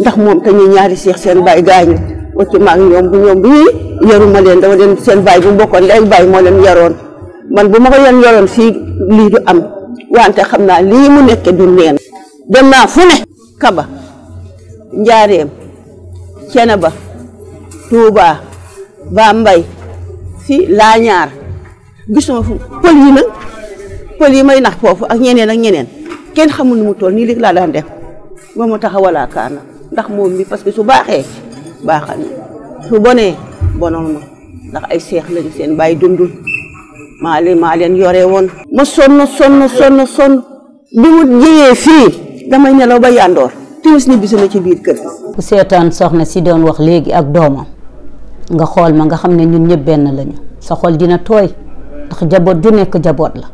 ndax moom te ñuy ñaari seex seen baay gaañu wacc maag ñoom bu ñoom bu ñuy yaruma leen dama leen seen baay bu mbokkoon léegi baay moo leen yaroon man bu ma ko leen yaroon fii lii du am wante xam naa lii mu nekk du neen dem naa fu ne Kaba Njaareem Ceneba Touba Bambay fi Laañaar gisuma fu pël yi nag pël yi may nax foofu ak ñeneen ak ñeneen kenn xamul nu mu toll nii léegi laa daan def moom mu taxawalaa kaana ndax moom mi parce que su baaxee baaxal na su bonee bonal ma ndax ay seex lañu seen bàyyi dundul maa leen maa leen yore woon ma sonn sonn sonn sonn bi mu jëyee fii damay nelaw ba yandor tous ni bisu na ci biir keur ku setan soxna si doon wax legi ak doomam nga xol ma nga xamne ñun ñepp ben lañu sa xol dina toy tax jabot du nek jabot la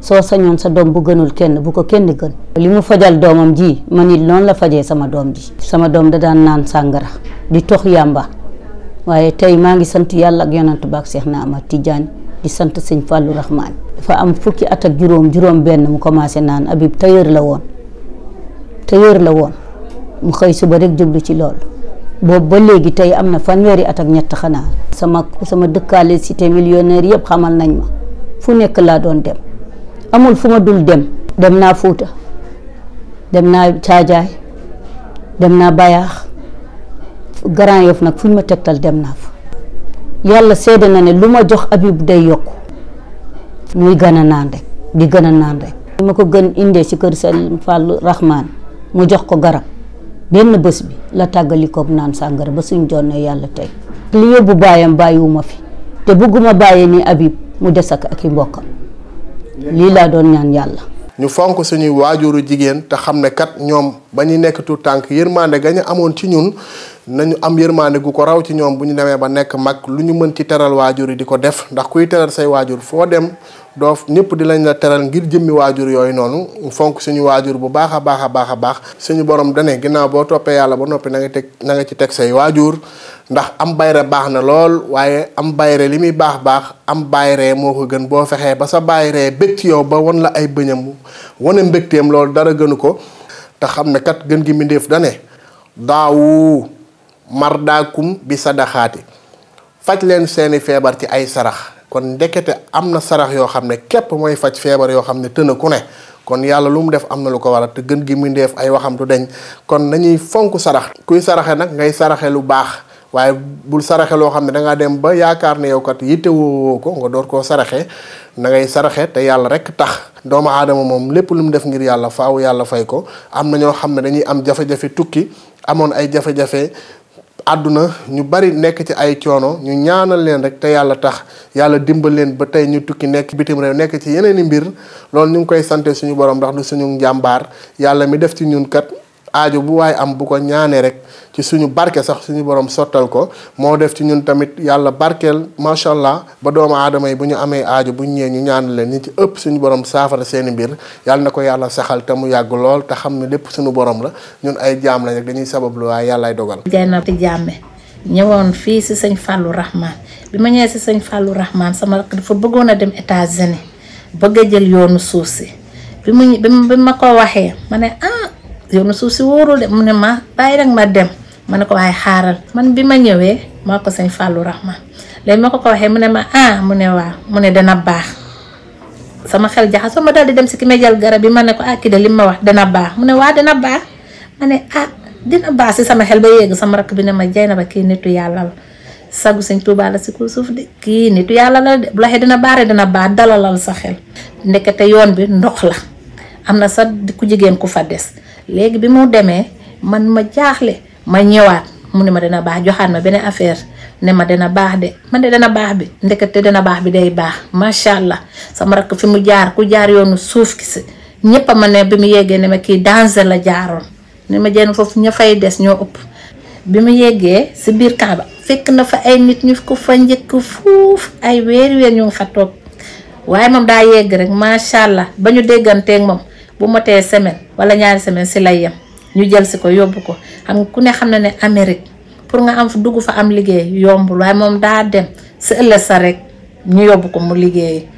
so sañon sa dom bu gënul kenn bu ko kenn gën limu fajal domam ji man it la fajee sama dom ji sama dom da daan naan sangara di tox yamba waye tay ma ngi sant yalla ak yonantu bak cheikh na di sant seigne Rahman. rahman fa am fukki at ak juróom juróom benn mu commencé naan abib tayeur la won te wér la woon mu xëy suba rek jublu ci loolu boobu ba léegi tey am na fanweeri at ak ñett xanaa sama sama dëkkaale cité millionnaire yëpp xamal nañ ma fu nekk laa doon dem amul fu ma dul dem dem naa Fuuta dem naa Caajaay dem naa Bayaax Grand Yoff nag fu ñu ma tegtal dem naa fa yàlla seede na ne lu ma jox Habib day yokk muy gën a naan rek di gën a naan rek ma ko gën indee ci kër Sëriñ Fàllu Rahmaan mu jox ko garab benn bés bi la tàggalikoog naan sàngara ba suñ jonne yàlla tey li yóbbu baayam bàyyiwuma fi te bëgguma bàyyi ni Habib mu des ak ak i mbokkam lii laa doon ñaan yàlla ñu fonk suñuy waajuru jigéen te xam ne kat ñoom ba ñu nekk tu tànk yërmande ga ñu amoon ci ñun nañu am yërmande gu ko raw ci ñoom bu ñu demee ba nekk mag lu ñu mën ci teral waajur yi di ko def ndax kuy teral say waajur foo dem doo ñëpp di lañ la teral ngir jëmmi waajur yooyu noonu fonk suñu waajur bu baax a baax a baax a baax suñu borom dane ginnaaw boo toppee yàlla ba noppi nanga teg nanga ci teg say waajur ndax am bayre baax na lool waaye am bayre li muy baax baax am bayre moo ko gën boo fexee ba sa bayre bég ci yow ba wan la ay bëñam wane mbégteem loolu dara gënu ko te xam ne kat gën gi mbindéef dane daawu mardaakum bi sa sadaxaati faj leen seeni feebar ci ay sarax kon ndekete am na sarax yoo xam ne képp mooy faj feebar yoo xam ne tën ku ne kon yàlla lu mu def am na lu ko waral te gën gi mindeef ay waxam du deñ kon nañuy fonk sarax kuy saraxe nag ngay saraxe lu baax waaye bul saraxe loo xam ne da dem ba yaakaar ne yow kat yitte woo ko nga door koo saraxe na ngay saraxe te yàlla rek tax doomu aadama moom lépp lu mu def ngir yàlla faw yàlla fay ko am na ñoo xam ne dañuy am jafe-jafe tukki amoon ay jafe àdduna ñu bari nekk ci ay coono ñu ñaanal leen rek te yàlla tax yàlla dimbal leen ba tey ñu tukki nekk bitim réew nekk ci yeneen i mbir loolu ñu ngi koy sante suñu borom ndax du suñu njàmbaar yàlla mi def ci ñun kat. aajo bu waaye am bu ko ñaanee rek ci suñu barke sax suñu borom sottal ko moo def ci ñun tamit yàlla barkeel macha allah ba doomu aadama yi bu ñu amee aajo bu ñu ñëwee ñu ñaan leen ñi ci ëpp suñu borom saafara seeni mbir yàlla na ko yàlla saxal te mu yàgg lool te xam ne lépp suñu boroom la ñun ay jaam la rek dañuy sabablu waaye yàllaay dogal. Gaynab Jaame ñëwoon fii si sëñ Fallou Rahman bi si sëñ Fallou Rahman sama rakk dafa bëggoon a dem États-Unis bëgg a jël yoonu suuf si bi mu bi ma ko waxee ah, yow na suuf wuro de mune ma bàyyi rek ma dem mané ko way xaaral man bima ma mako ko Rahma ko ko mune ma ah mune wa mune dana baax sama xel jaxasoo ma dal di dem si ki may bi mané ko ah lim ma wax dana baax mune wa dana baax mané ah dina baax si sama xel ba yegg sama rak bi ne ma jeyna ba ki nitu yalla la sagu sëñ touba la ci ko suuf de ki nitu yalla la bu la xé dana baare dana baax dalalal sa xel ndekete yoon bi ndox la amna na sa ku jigen ku fa dess léegi bi mu demee man ma jaaxle ma ñëwaat mu ne ma dana baax joxaat ma beneen affaire ne ma dana baax de man de dana baax bi ndekete dana baax bi day baax macha allah sama rakk fi mu jaar ku jaar yoonu suuf ki si ñëpp ma ne bi mu yeggee ne ma kii danger la jaaroon ne ma jenn foofu ña fay des ñoo ëpp. bi mu yeggee si biir camp ba fekk na fa ay nit ñu ko fa njëkk fuuf ay weer weer ñu ngi fa toog waaye moom daa yegg rek macha allah ba ñu dégganteek moom. bu motee semaine walla ñaari semaine si lay yem ñu jël si ko yóbbu ko xam nga ku ne xam na ne Amérique pour nga am dugg fa am liggéey yombul waaye moom daa dem sa ëllëg sa rek ñu yóbbu ko mu liggéey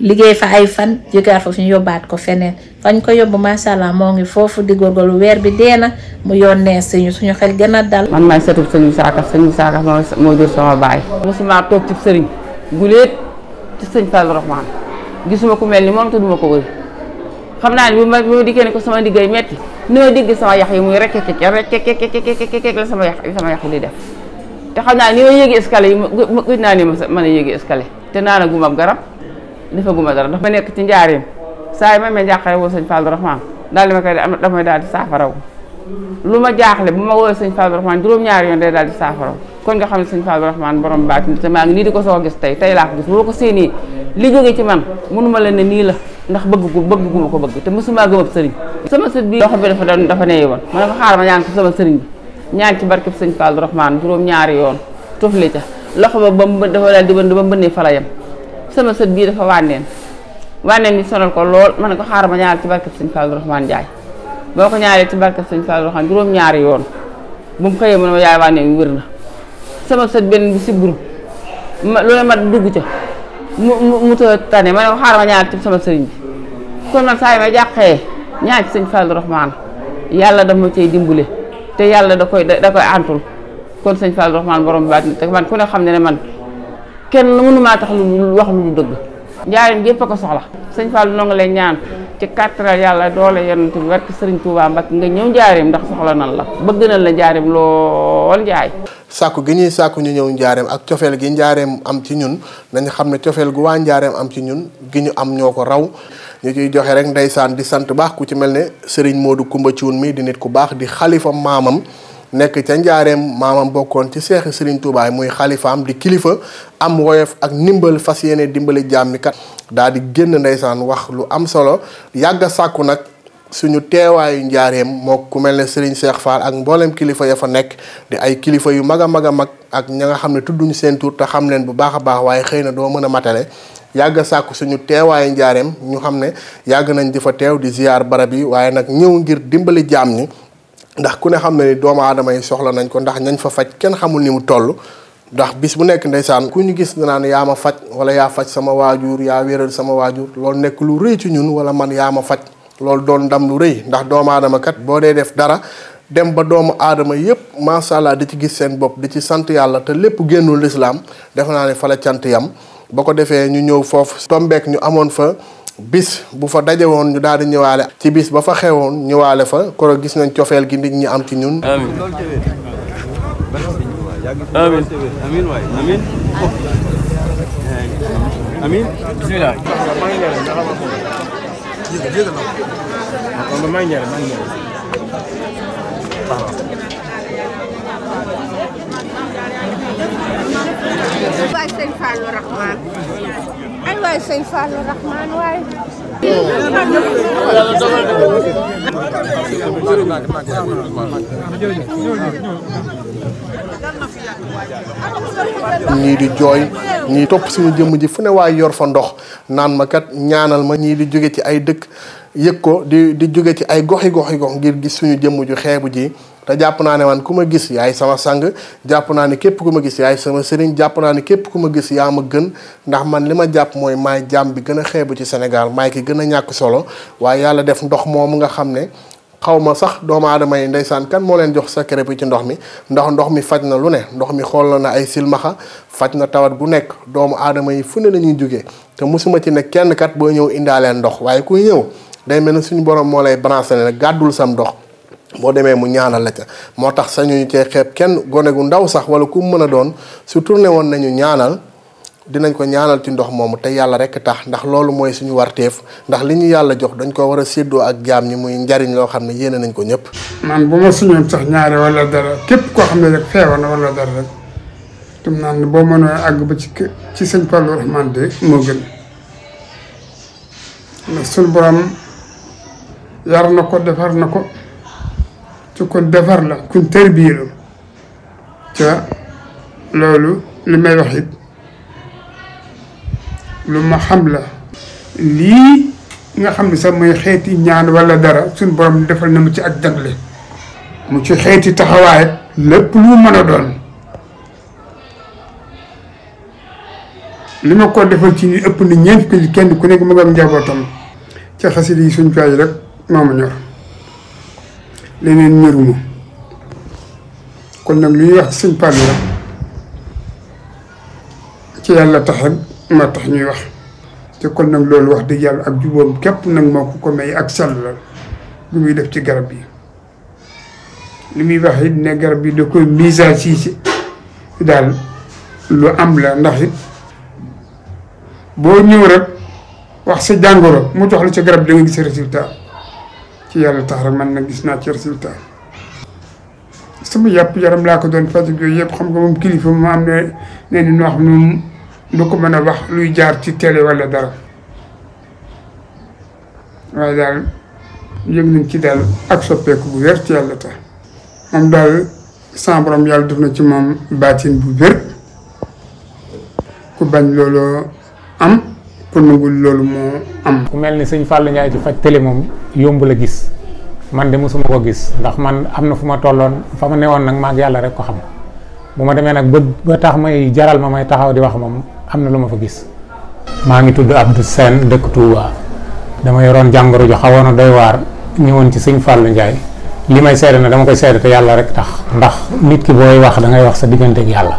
liggéey fa ay fan jógewaat foofu ñu yóbbaat ko feneen fañ ko yóbbu macha allah moo ngi foofu di lu weer bi dee na mu yónnee suñu suñu xel gën a dal. man maay sëtu sëñ Saakaar sëñ Saakaar moo jur sama baay. mosuma toog ci sëriñ guleet ci sëñ Fall Rahman gisuma ku mel xam naa ne bu ma bu ma dikkee ne ko sama diggay metti noo digg sama yax yi muy rek keke rek la sama yax sama yax naa ni ma yéegi yi ma gis naa ne ma mën a yéegi escalier te naana guma ab garab dafa guma dara dafa nekk ci njaareem saa yi ma may jàqare woo sëñ Fallou Rahman daal di ma koy am daal di saafaraw lu ma jaaxle bu ma woo sëñ Fallou Rahman juróom-ñaari yoon day daal di saafaraw kon nga xam ne sëñ Fallou Rahman borom baati te maa di ko soo gis tey tey laa ko gis boo ko séenee li jóge ci man mënuma leen ne nii la ndax bëgg gu bëgg gu ma ko bëgg te mësumaa gëm ab sëriñ sama sët bi loxo bi dafa doon dafa nee woon ma ne ko xaaral ma ñaan ñaari yoon tufli ca loxo ba ba mu dafa daal di bënd ba fa la yem sama sët bii dafa wànneen wànneen bi sonal ko lool man ne ko xaaral ma ñaar ci barkeb sëñ Fallou Rahman Ndiaye boo ko ñaaree ci barkeb sëñ Fallou Rahman juróom ñaari yoon bu mu xëyee mu ne ma yaay wànneen bi wér na sama sët benn bi si ma loolu ma dugg ca mu mu mu tane ma ne ko xaaral ma ñaar ci sama sëriñ bi kon nag saa yi ma jàqee ñaan ci sëñ Fallou Rahman yàlla daf ma cay dimbale te yàlla da koy da koy antul kon sëñ Fallou Rahman borom baat te man ku ne xam ne ne man kenn mënumaa tax lu wax lu dëgg njaarim gépp a ko soxla sëñ Fallou noo ngi ñaan ci kàttanal yàlla doole yonent bi barke sëriñ Touba Mbacke nga ñëw njaarim ndax soxla nan la bëgg nañ la njaarim lool njaay sàkku gi ñuy sàkku ñu ñëw njaareem ak cofeel gi njaareem am ci ñun nañ xam ne cofeel gu waa njaareem am ci ñun gi am ñoo ko raw ñu ciy joxe rek ndeysaan di sant baax ku ci mel ne Serigne Modou Kumba Cuun mi di nit ku baax di xalifa maamam nekk ca njaareem maamam bokkoon ci seexi Serigne Touba yi muy xalifaam di kilifa am woyof ak ndimbal fas yenee dimbali jaam mi kat daal di génn ndeysaan wax lu am solo yàgg a sàkku nag. suñu teewaayu njaareem moo ku mel ne Serigne Cheikh Fall ak mboolem kilifa ya fa nekk di ay kilifa yu mag maga mag ak ña nga xam ne tudduñ ta tur te xam leen bu baax baax waaye xëy na doo mën a matale yàgg sàkku suñu teewaayu njaareem ñu xam ne yàgg nañ di fa teew di ziar barab yi waaye nag ñëw ngir dimbali jamni ndax ku ne xam ne ni doomu soxla nañ ko ndax ñañ fa faj ken xamul ni mu toll ndax bis bu nekk ndeysaan ku ñu gis naan ma wala yaa faj sama wajur yaa wéral sama wajur loolu nekk lu rëy ci ñun wala man yaa ma lol doon dam lu reuy ndax doom aadama kat bo de def dara dem ba doomu aadama ma sha allah di ci gis sen bop di ci sante Yalla te lepp génnul l'islam def na ni fa la Amin. yam bako defé Amin. ñu ñew fofu tombek ñu amone fa bis bu fa dajé won ñu daal di ñewale ci bis ba fa xewon ñewale fa ro gis nañ ciofel gi nit ñi am ci ñun Amin. Amin. Amin. Amin. Amin. Amin. bismillah jégal jégal na ko. kon maa ngi ñaare maa ngi ñaare waaw. waay sëñ Fallou Rahman ay waay sëñ Fallou Rahman waay. yàlla ñii di jooy ñii topp suñu jëmm ji fu ne waaye yor fa ndox naan ma kat ñaanal ma ñii di jóge ci ay dëkk yëg ko di di jóge ci ay goxi goxi gox ngir gis suñu jëmm ju xeebu ji te jàpp naa ne man ku ma gis yaay sama sang jàpp naa ne képp ku ma gis yaay sama sëriñ jàpp naa ne képp ku ma gis yaa ma gën ndax man li ma jàpp mooy maay jàmm bi gën a xeebu ci Sénégal maay ki gën a ñàkk solo waaye yàlla def ndox moomu nga xam ne xawma sax doomu aadama yi ndeysaan kan moo leen jox sa secret bi ci ndox mi ndax ndox mi faj na lu ne ndox mi xool na ay silmaxa faj na tawat bu nekk doomu aadama yi fu ne la ñuy jógee te mosuma ci ne kenn kat boo ñëw indaaleen ndox waaye kuy ñëw day mel ne suñu borom moo lay branché ne gàddul sam ndox boo demee mu ñaanal la ca moo tax sañuñu cee xeeb kenn gone gu ndaw sax wala ku mën a doon su tourné woon nañu ñaanal dinañ ko ñaanal ci ndox moomu te yàlla rek tax ndax loolu mooy suñu warteef ndax li ñu yàlla jox dañ ko war a séddoo ak jaam ñi muy njariñ loo xam ne yéene nañ ko ñëpp. man bu ma sax ñaare wala képp koo xam ne rek feebar na wala dara rek boo mënee àgg ba ci ci sëñ Fallou Rahman de suñu borom yar na ko defar na ko su ko defar la kuñ tër biiram ca loolu li may wax lu ma xam la lii nga xam ne sax muy xeeti ñaan wala dara suñ borom defal na mu ci ak jagle mu ci xeeti taxawaay lépp lu mën a doon li ma ko defal ci ñu ëpp na ñeent ki kenn ku nekk mu nga njabootam ci xasit yi suñ coy rek moo ñor leneen ñoruma kon nag lu ñuy wax ci sëñ Pallou rek ci yàlla tax moo tax ñuy wax te kon nag loolu wax dëgg yàlla ak jubóom képp nag moo ko ko may ak sàll la lu muy def ci garab yi li muy wax it ne garab yi da koy misa si si daal lu am la ndax it boo ñëw rek wax sa jàngoro mu jox la ci garab da nga gis résultat ci yàlla tax rek man na gis naa ci résultat sama yàpp yaram laa ko doon faj yooyu yëpp xam nga moom kilifa mu am ne nee ni noo xam ne duko ko wax luy jaar ci télé wala dara way dal yeug nañ ci dal ak soppeeku bu wér ci sans borom yalla def na ci mom batine bu wér ku bañ lolo am ku nugul lolo mo am ku melni seigne fall ñay ci fa télé mom yomb la gis man de musuma ko gis ndax man am na fu ma newon nak ma newoon rek ko xam buma ma nak ba tax may jaral ma may taxaw di wax mom am na lu ma fa gis maa ngi tudd Abdou Sène dëkk Touba dama yoroon jàngoro ju xawoon a doy waar ñëwoon ci sëñ Fallou Ndiaye li may seede na dama koy seede te yàlla rek tax ndax nit ki booy wax da ngay wax sa diggante ak yàlla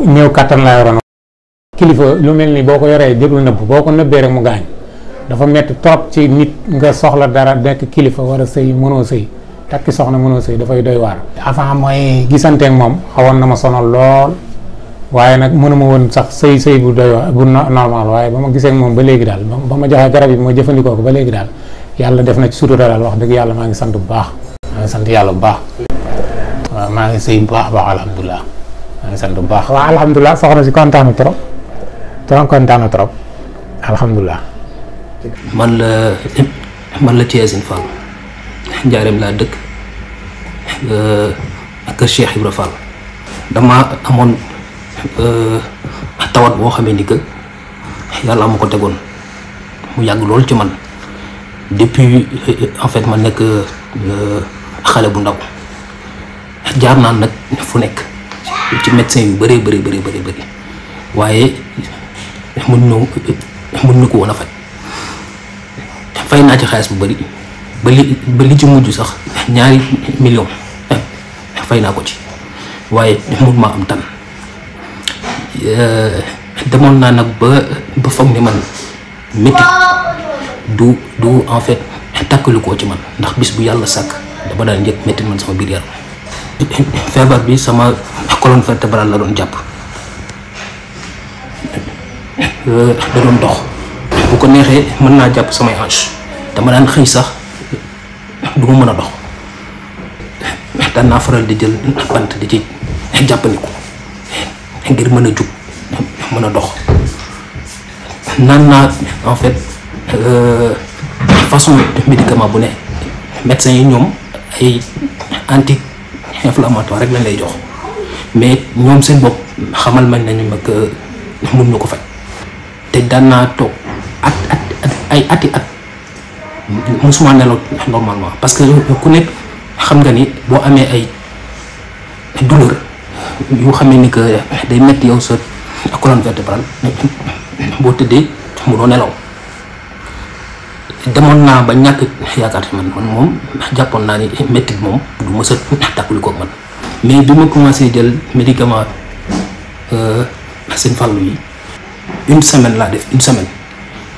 néew kattan laa yoroon kilifa lu mel ni boo ko yoree jërul nëbb boo ko nëbbee rek mu gaañ dafa metti trop ci nit nga soxla dara nekk kilifa war a sëy mënoo sëy takki soxna mënoo sëy dafay doy waar avant mooy gisanteek moom xawoon na ma sonal lool waye nak mënuma won sax sey sey bu doy bu normal waye bama ma gisee ak ba léegi dal bama ma garab yi mo jëfëndiko ko ba léegi dal yalla def na ci sutura dal wax dëgg yalla ma ngi sant bu baax ma ngi sant yalla bu baax ma ngi sey bu baax ba alhamdullah ma ngi sant bu baax wa alhamdullah soxna ci kontaan trop trop kontaan trop alhamdullah man la man la Thiésine Fall Njaareem laa dëkk euh, ak Cheikh ibrahim Fall dama amone tawat bo xamé ni ke, yalla ma ko mu yag lool ci man depuis en fait nek euh xalé bu ndaw jaar na nak fu nek ci médecin yu bëree bëri bëri bëri bëri wayé mun ñu mun ñu ko woon a fay ci xaliss bu bari ba li ci muju sax ñaari million fay ko ci waaye mun am tan demon ya, na nak ba ba foog ni man métti du du en fait takul ko ci man ndax bis bu yalla sak dama dal yëg metti man sama bir yar febar bi sama colonne vertébrale la doon jàpp euh, da doon dox bu ko nexé man na japp sama hanche dama daan xey sax du ma mën dox daan na faral di jël bant di ci jappaliko ngir mën a jug mën a dox naan naa en fait euh, façon médicament bu ne médecins yi ñoom ay anti inflammatoire rek lañ lay jox mais ñoom seen bopp xamal mañ nañu ma que mun ñu ko faj te daan naa toog at at ay ati at musuma nelaw normalement parce que ku nekk xam nga ni boo amee ay douleur yoo xamee ni que day metti yow sa colonne vertébrale boo tëddee mu nelaw demoon naa ba ñàkk yaakaar ci man moom jàppoon naa ni métti moom du mës a tàkkali ko man mais bi ma commencé jël médicament euh, seen fàllu yi une semaine laa def une semaine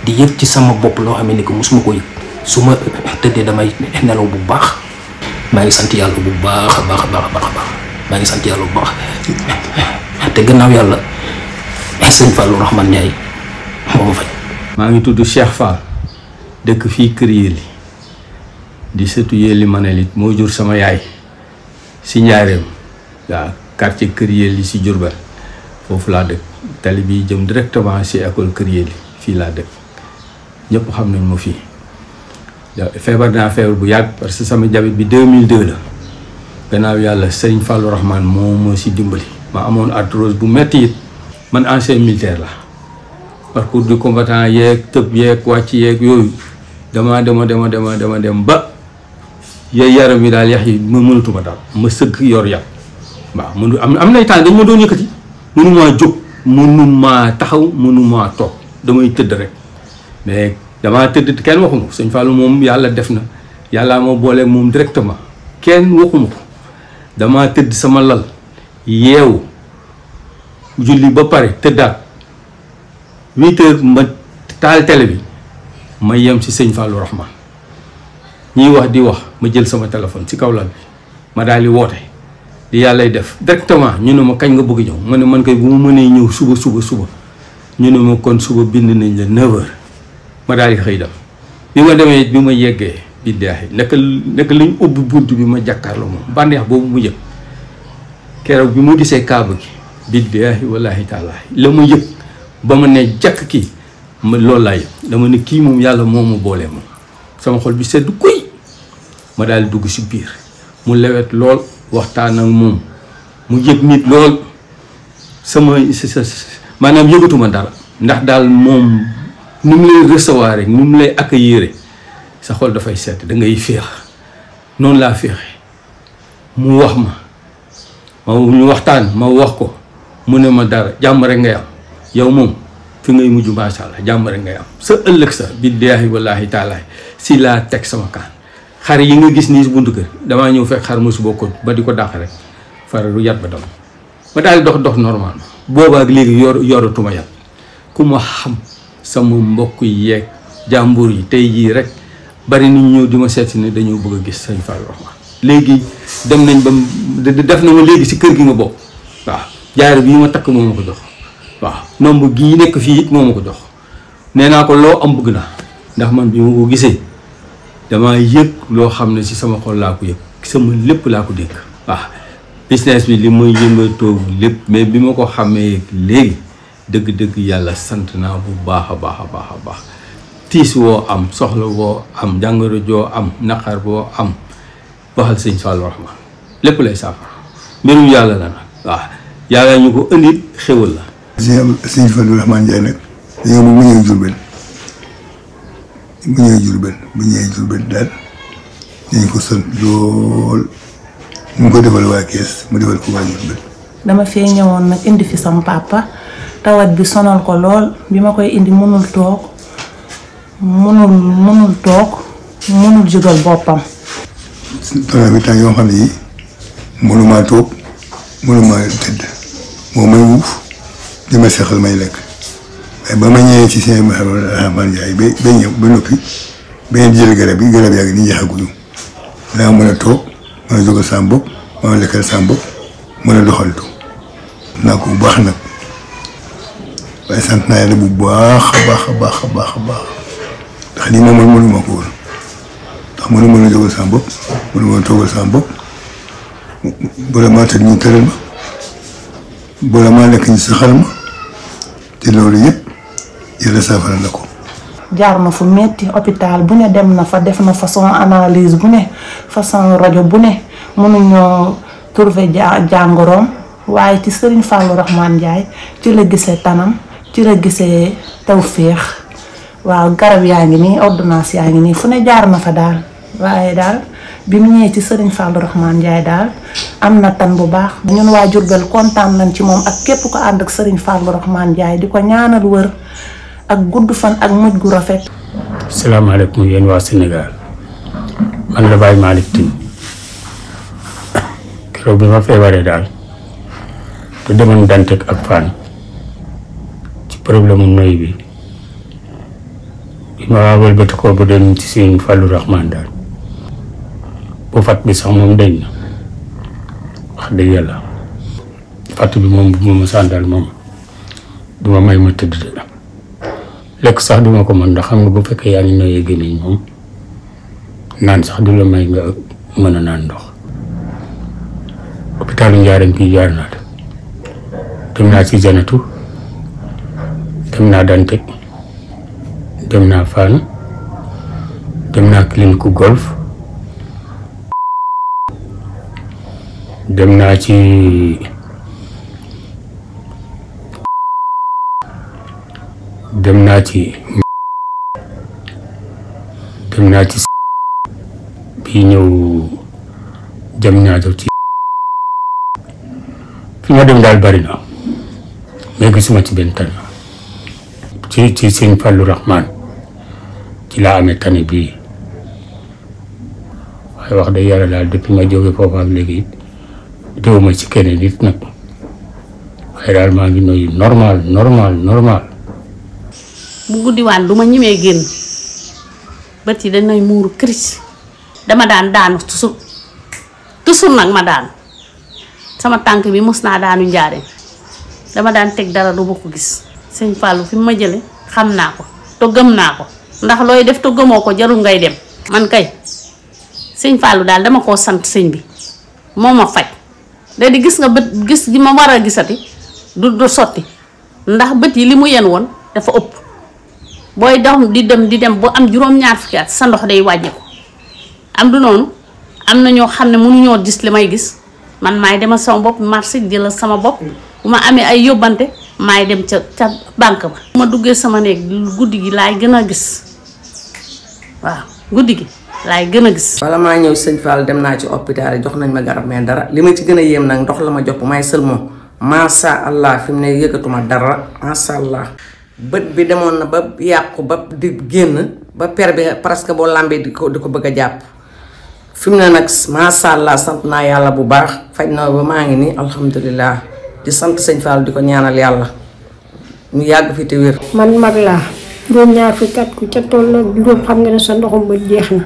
di yëg ci sama bopp loo xam ne que mosuma ko yëg su ma tëddee damay nelaw bu baax maa ngi sant yàlla bu baax a baax a baax baax bangi sant yalla bu baax te gannaaw yalla sëñ fallu Rahman Ndiaye moo ma faj. maa ngi tuddu Cheikh Fall dekk fi kër Yéli di setu yeli Manelit mo jur sama yaay si nyaarem da quartier kër Yéli si jurba fofu la dekk tali bi jëm directement ci école kër Yéli fii laa dëkk ñëpp xam nañ ma fii feebar naa feebar bu yàgg parce que sama jabit bi 2002 la. gannaaw yàlla sëriñ Fallou Rahman moo ma si dimbali ma amoon arthrose bu metti it man ancien militaire la parcours du combattant yeeg tëb yeeg wàcc yeeg yooyu dama dama dema dema dama dem ba yey yaram yi daal yax yi ma mënatuma daal ma sëgg yor yàpp waaw mënu am am nay temps dañ ma doon yëkkati mënumaa jóg mënumaa taxaw mënumaa toog damay tëdd rek mais damaa tëdd kenn waxuma sëñ Fallou moom yàlla def na yàlla ma booleeg moom directement kenn waxuma ko dama tedd sama lal yew julli ba pare da 8h ma tal télé bi ma yem ci Seigne Fallou Rahman ñi wax di wax ma jël sama téléphone ci kaw lal bi ma dali di di yalla def directement ñu ne ma kañ nga bëgg ñew ma man kay bu mu mëne ñew suba suba suba ñu ne ma kon suba bind nañ la 9 h ma dali xey xëy dem bi ma demee bi ma yeggee billahi nek nek liñ ubbi buntu bi ma jakarlo moom bànneex boobu mu yëg kero bi mu gisee kaaba gi lo wallahi taala la mu yëg ba ma ne jak ki ma loolu dama ne ki moom yalla momu bolé boolee sama xol bi sedd kuy ma dal dugg ci bir mu lewet lol waxtaan ak mu nit lol sama manam yegutuma dara ndax dal moom nim lay recevoir rek lay accueillir sa xol fay sedd da ngay fex non la fex mu wax ma ma ñu waxtaan ma wax ko mu ne ma dara jàmm rek ngay am yow mom fi ngay ma sha allah jàmm rek ngay am sa ëlëk sa billaahi wallahi ta'ala si la tek sama kaan xar yi nga gis nii buntu kër dama ñew fek xar ba diko rek far yat ba dam ma dal dox dox normal boba ak legi yor yoratuma yat kuma ma xam sama mbokk yek jambour yi tay rek bari nañ ñëw di ma seet si ne dañoo bëgg a gis sëñ Fallou Rahman léegi dem nañ ba def na ma léegi si kër gi nga bokk waa jaare bi yi ma takk moom ma ko jox waaw nomb gii nekk fii it moo ma ko jox nee naa ko loo am bëgg naa ndax man bi ma ko gisee damaa yëg loo xam ne si sama xol laa ko yëg sama lépp laa ko dégg waaw business bi li muy toog lépp mais bi ma ko xamee léegi dëgg-dëgg yàlla sant naa bu baax a baax a baax a baax tiis woo am soxla woo am jàngoro joo am naqar boo am waxal sëñ Fallou Rahman lépp lay saafara mbirum yàlla la nag waaw yàlla ñu ko ëndit xéwal la. sëñ am sëñ Fallou Rahman Ndiaye nag dañoo bu ñëwee Jurbel bu ñëwee Jurbel bu daal dañ ko son lool mu ko defal waa kees mu defal ko waa Jurbel. dama fee ñëwoon nag indi fi sama tawat bi sonal ko lool bi ma koy indi mënul toog. mënul mënul toog mënul jógal boppam. doole bi temps yoo xam ne yii mënumaa toog mënumaa tëdd moo may wuuf di ma seqal may lekk waaye ba ma ñëwee ci seen Mouhamadou Rahmane Ndiaye ba ba ñëw jël garab yi garab yaa ngi nii jaxaguñu daa mën a toog mën a jógal saa bopp mën a lekkal saa bopp mën a doxaltu naa ko bu baax nag waaye sant naa yàlla bu baax baax a baax a baax a baax. ndax lii moom man mënu woon ndax mënu ma la jógal sama bopp mënu ma la toogal sama ñu tëral ma bala maa lekk ñu saxal ma te loolu yëpp yàlla saafara na ko. jaar ma fu metti hôpital bu ne dem na fa def na façon analise bu ne façon rajo bu ne mënuñoo trouver ja jàngoroom waaye ci sëriñ Fallou Rahman Ndiaye ci la gisee tanam ci la gisee tawféex. waaw garab yaa ngi nii ordonnance yaa ngi nii fu ne jaar ma fa daal waaye daal bi mu ñëwee ci sëriñ Fallou Rahman Ndiaye daal am na tan bu baax ñun waa Jurbel kontaan nañ ci moom ak képp ko ànd ak sëriñ Fallou Rahman Ndiaye di ko ñaanal wër ak gudd fan ak mujj gu rafet. salaamaaleykum yéen waa Sénégal man la Baye Malick Tine keroog bi ma feebaree daal te demoon Dantec ak Fann ci problème noy bi. ma wëlbati ko ba doon ci sëñ Fallou Rahman daal bu fat bi sax moom dañ na wax dëgg yàlla fàtt bi moom bu ma ma sàndal moom du ma may ma tëdd sax duma ko mën ndax xam nga bu fekkee yaa ngi nooyee gémmiñ moom naan sax du la may nga mën a naan ndox hôpitalu njaaram bi jaar naa dem naa ci janatu dem naa daan teg dem naa Fann dem naa clinique golf dem naa ci dem naa ci dem naa ci bi ñëw jam ñaajo ci fi ma dem daal bari na mais gisuma ci benn tànn ci ci sëñ Fallou Rahman ci la amé tane bi ay wax dëgg yalla dal depuis nga jóge fofu ak léegi déwuma ci keneen nit nak ay dal ma ngi noy normal normal normal bu wal duma ñimé ñimee ba ci dañ danay muuru kris dama daan daan tusu tusu nak ma daan sama tank bi musna daanu ndiaré dama daan tek dara du ma ko gis seigne Fallou fi ma jëlé xamna ko to gëm na ko ndax loy def to gëmoo ko jarul ngay dem man kay sing fallu dal, dama ko sant sëñ bi moma fajj da di gis nga beut gis gi ma wara gisati du du soti ndax beut yi limu mu yen woon dafa upp boy dom di dem di dem bo am juróom-ñaar fiat sa ndox day ko am du non, am na ño xamne munu ño gis limay gis man may dem sama bop marché la sama bop bu ma amee ay yóbbante may dem ca ca ba ma duggé sama néeg guddigi gi gëna gis waaw guddi gi laay gën a gis. bala maa ñëw sëñ Fall dem naa ci hôpital jox nañ ma garab mais dara li ma ci gën a yéem nag ndox la ma jox may sël moom macha allah fi mu ne yëgatuma dara macha allah. bët bi demoon na ba yàqu ba di génn ba per bi presque boo làmbee di ko di ko bëgg a jàpp fi mu ne nag macha allah sant naa yàlla bu baax faj na ba maa ngi nii alhamdulilah di sant sëñ Fall di ko ñaanal yàlla ñu yàgg fi te wér. man mag laa. juróom ñaar fukki at ku ca tolloo juróom xam nga ne sa ndoxum ba jeex na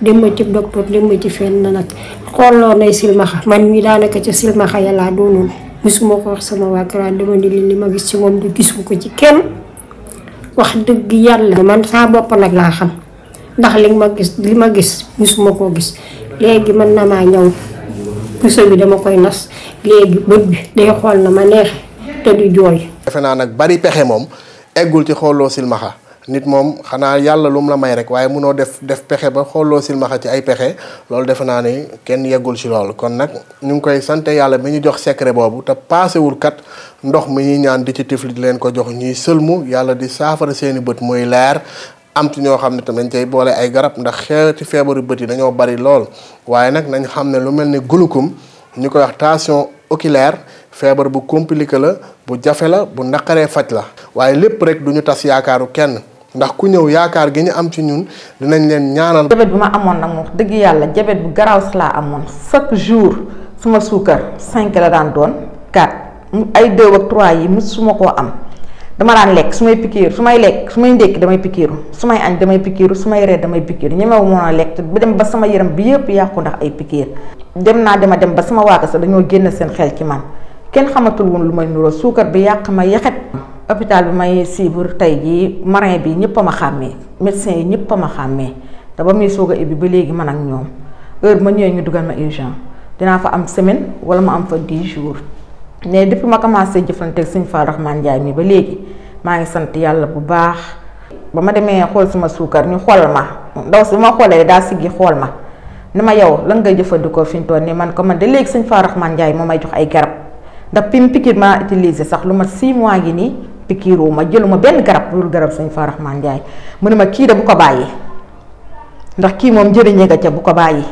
dem ma ci docteur dem ma ci fenn nag xooloo nay silmaxa man mii daanaka ca silmaxa ya laa doonoon gisuma sama waa kër li ma gis ci moom du gisu ko ci kenn wax dëgg yàlla man saa bopp nag laa xam ndax li ma gis li ma gis gisuma koo gis léegi mën na maa ñëw puso bi dama koy nas léegi bët bi day xool na ma neex te du jooy defe naa nag bari pexe moom eggul ci xooloo silmaxa nit moom xanaa yàlla lu mu la may rek waaye munoo def def pexe ba xooloo silmaxa ci ay pexe loolu defe naa ni kenn yeggul ci loolu kon nag ñu ngi koy sante yàlla mi ñu jox secret boobu te paasewul kat ndox mi ñuy ñaan di ci tifli leen ko jox ñuy sëlmu yàlla di saafara seeni bët muy leer am ci ñoo xam ne tamit dañ cay ay garab ndax xeeti feebaru bët yi dañoo bari lool waaye nag nañ xam ne lu mel ni gulukum ñu koy wax tension oculaire feebar bu compliqué la bu jafé la bu nakaré fajj la waye lepp rek duñu tass yaakaaru kenn ndax ku ñew yaakaar gi ñu am ci ñun dinañ leen ñaanal. jabet bi ma amoon nag moom dëgg yàlla jabet bu graw sala laa chaque jour suma sucre 5 la daan doon 4 ay 2 ak 3 yi mu suma ko am dama daan lek sumay may sumay lek sumay ndek damay pikiiru sumay añ damay pikiiru sumay ré damay pikiiru ñemewu moo a lek bu dem ba sama yaram bi yépp yàqu ndax ay pikiir dem na dema dem ba sama waaka sa dañu génn seen xel ci man kenn xamatul woon lu may nuroo suukar bi yàq ma yaxet hôpital bi may siibur tey jii marin bi ñëpp a ma xàmmee médecin yi ñëpp a ma xàmmee te ba muy soog a ibbi ba léegi man ak ñoom heure ma ñëwee ñu dugal ma urgent dinaa fa am semaine wala ma am fa 10 jours mais depuis ma commencé jëflante ak sëñ Fall Rahman ba léegi maa ngi sant yàlla bu baax. ba ma demee xool sama suukar ñu xoolal ma ndaw si ma xoolee daa siggi xool ma ni ma yow lan ngay jëfandikoo fi mu toll nii man ko man de léegi sëñ Fall Rahman Ndiaye moo may jox ay garab. dapim pim pikir ma utiliser sax luma 6 mois gi ni pikiru ma jëluma ben garab lu garab sëñ fa rahman jaay mu ma kii de bu ko bayyi ndax ki mom jëri ñega ca bu ko bayyi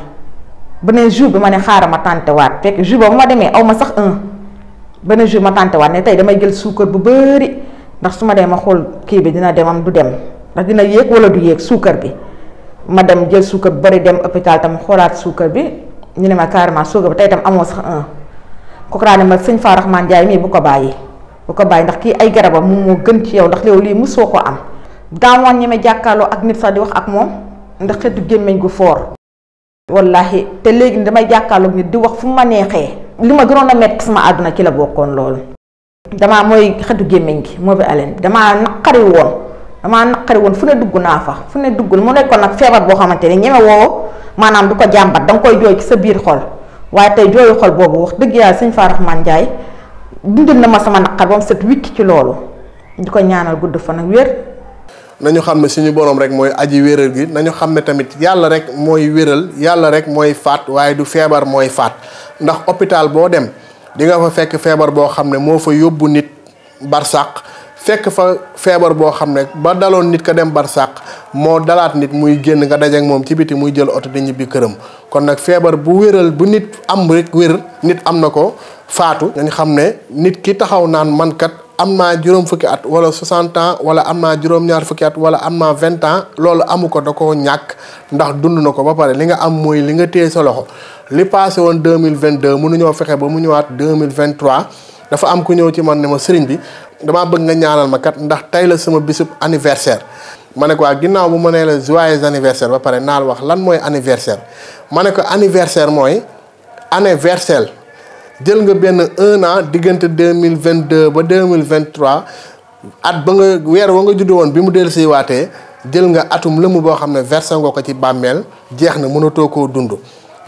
bene jour bi ma ne xaaral ma tànte waat fekk jour ba ma demee aw ma sax un bene jour ma tànte waat ne tay damay jël sucre bu bëri ndax suma dé ma xol ki bi dina am du dem ndax dina yéeg wala du yek sucre bi ma dem jël sucre bari dem hôpital tam xolaat sucre bi ñu ne ma carrément sucre bi tam amo sax un Kokra ne ma sëñ Fa Rahman Ndiaye mii bu ko bàyyi bu ko bàyyi ndax kii ay garabam moom moo gën ci yow ndax léew lii soo ko am daawoon ñeme jàkkaarloo ak nit sax di wax ak moom ndax xeetu gémmiñ gu foor wallahi te léegi damay jàkkaarloog nit di wax fu ma neexee li ma gënoon a métti sama àdduna ci la bokkoon loolu damaa mooy xetu gémmiñ gi moo bi alen damaa naqari woon damaa naqari woon fu ne dugg naa fa fu ne duggul mu nekkoon nag feebar boo xamante ne ñeme woo maanaam du ko jàmbat danga koy jooy ci sa biir xol waaye tey jooyu xol boobu wax dëgg yàlla sëñ Faaraxmaan Njaay dundal na ma sama naqar ba mu set wicc ci loolu di ko ñaanal gudd fa ak wér nañu xam ne suñu borom rek mooy aji wéral gi nañu xam ne tamit yàlla rek mooy wéral yàlla rek mooy faat waaye du feebar mooy faat ndax hôpital boo dem di nga fa fekk feebar boo xam ne moo fa yóbbu nit barsàq fekk fa feebar boo xam ne ba daloon nit ka dem barsàq moo dalaat nit muy génn nga dajeek moom ci biti muy jël oto di ñibbi këram kon nag feebar bu wéral bu nit am rek wér nit am na ko faatu dañ xam ne nit ki taxaw naan mankat am naa juróom fukki at wala 60 ans wala am naa juróom-ñaar fukki at wala am naa vingt ans loolu amu ko da koo ñàkk ndax dund na ko ba pare li nga am mooy li nga téye sa loxo li passé woon 2022 mënuñoo fexe ba mu ñëwaat 2023 dafa am ku ñëw ci man ne ma sëriñ bi damaa bëgg nga ñaanal ma kat ndax tey la sama bisub anniversaire ma ne ko waa ginnaaw bu ma nee la joyeux anniversaire ba pare naal wax lan mooy anniversaire ma ne ko anniversaire mooy anniversaire jël nga benn un an diggante deux mille vingt deux ba deux mille vingt trois at ba nga weer wa nga juddu woon bi mu dellu si waatee jël nga atum lëmm boo xam ne versé nga ko ci bàmmeel jeex na mënatoo koo dund.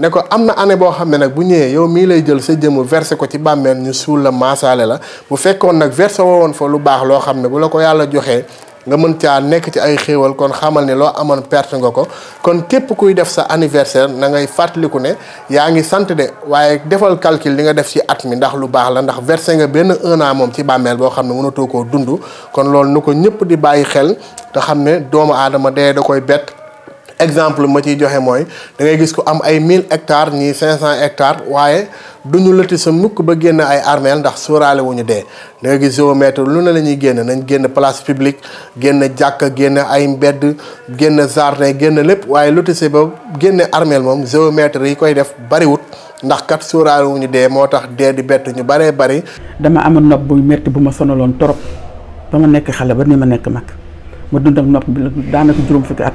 ne ko am na année boo xam ne nag bu ñëwee yow mii lay jël sa jëmm versé ko ci bàmmeel ñu suul la maasaale la bu fekkoon nag versé woon fa lu baax loo xam ne bu la ko yàlla joxee nga mën caa nekk ci ay xéewal kon xamal ne loo amoon perte nga ko kon képp kuy def sa anniversaire na ngay fàttaliku ne yaa ngi sant de waaye defal calcul li nga def ci at mi ndax lu baax la ndax versé nga benn un moom ci bàmmeel boo xam ne mënatoo koo dund kon loolu nu ko ñëpp di bàyyi xel te xam ne doomu aadama dee da koy bett exemple ma ciy joxe mooy dangay gis ku am ay 1000 hectares cinq cent hectares waaye du ñu lëti sa mukk ba génn ay armeel ndax sóoraale wu ñu dee da ngay gis géomètre lu ne la ñuy génn nañ génn place publique génn jàkk génn ay mbedd génn jardin génn lépp waaye lotissé ba génn armeel moom géomètre yi koy def bariwut ndax kat sóoraale wu ñu dee moo tax dee di bett ñu baree bari. dama amoon nopp bu métti bu ma sonaloon trop ba ma nekk xale ba ni ma nekk mag ma dund ak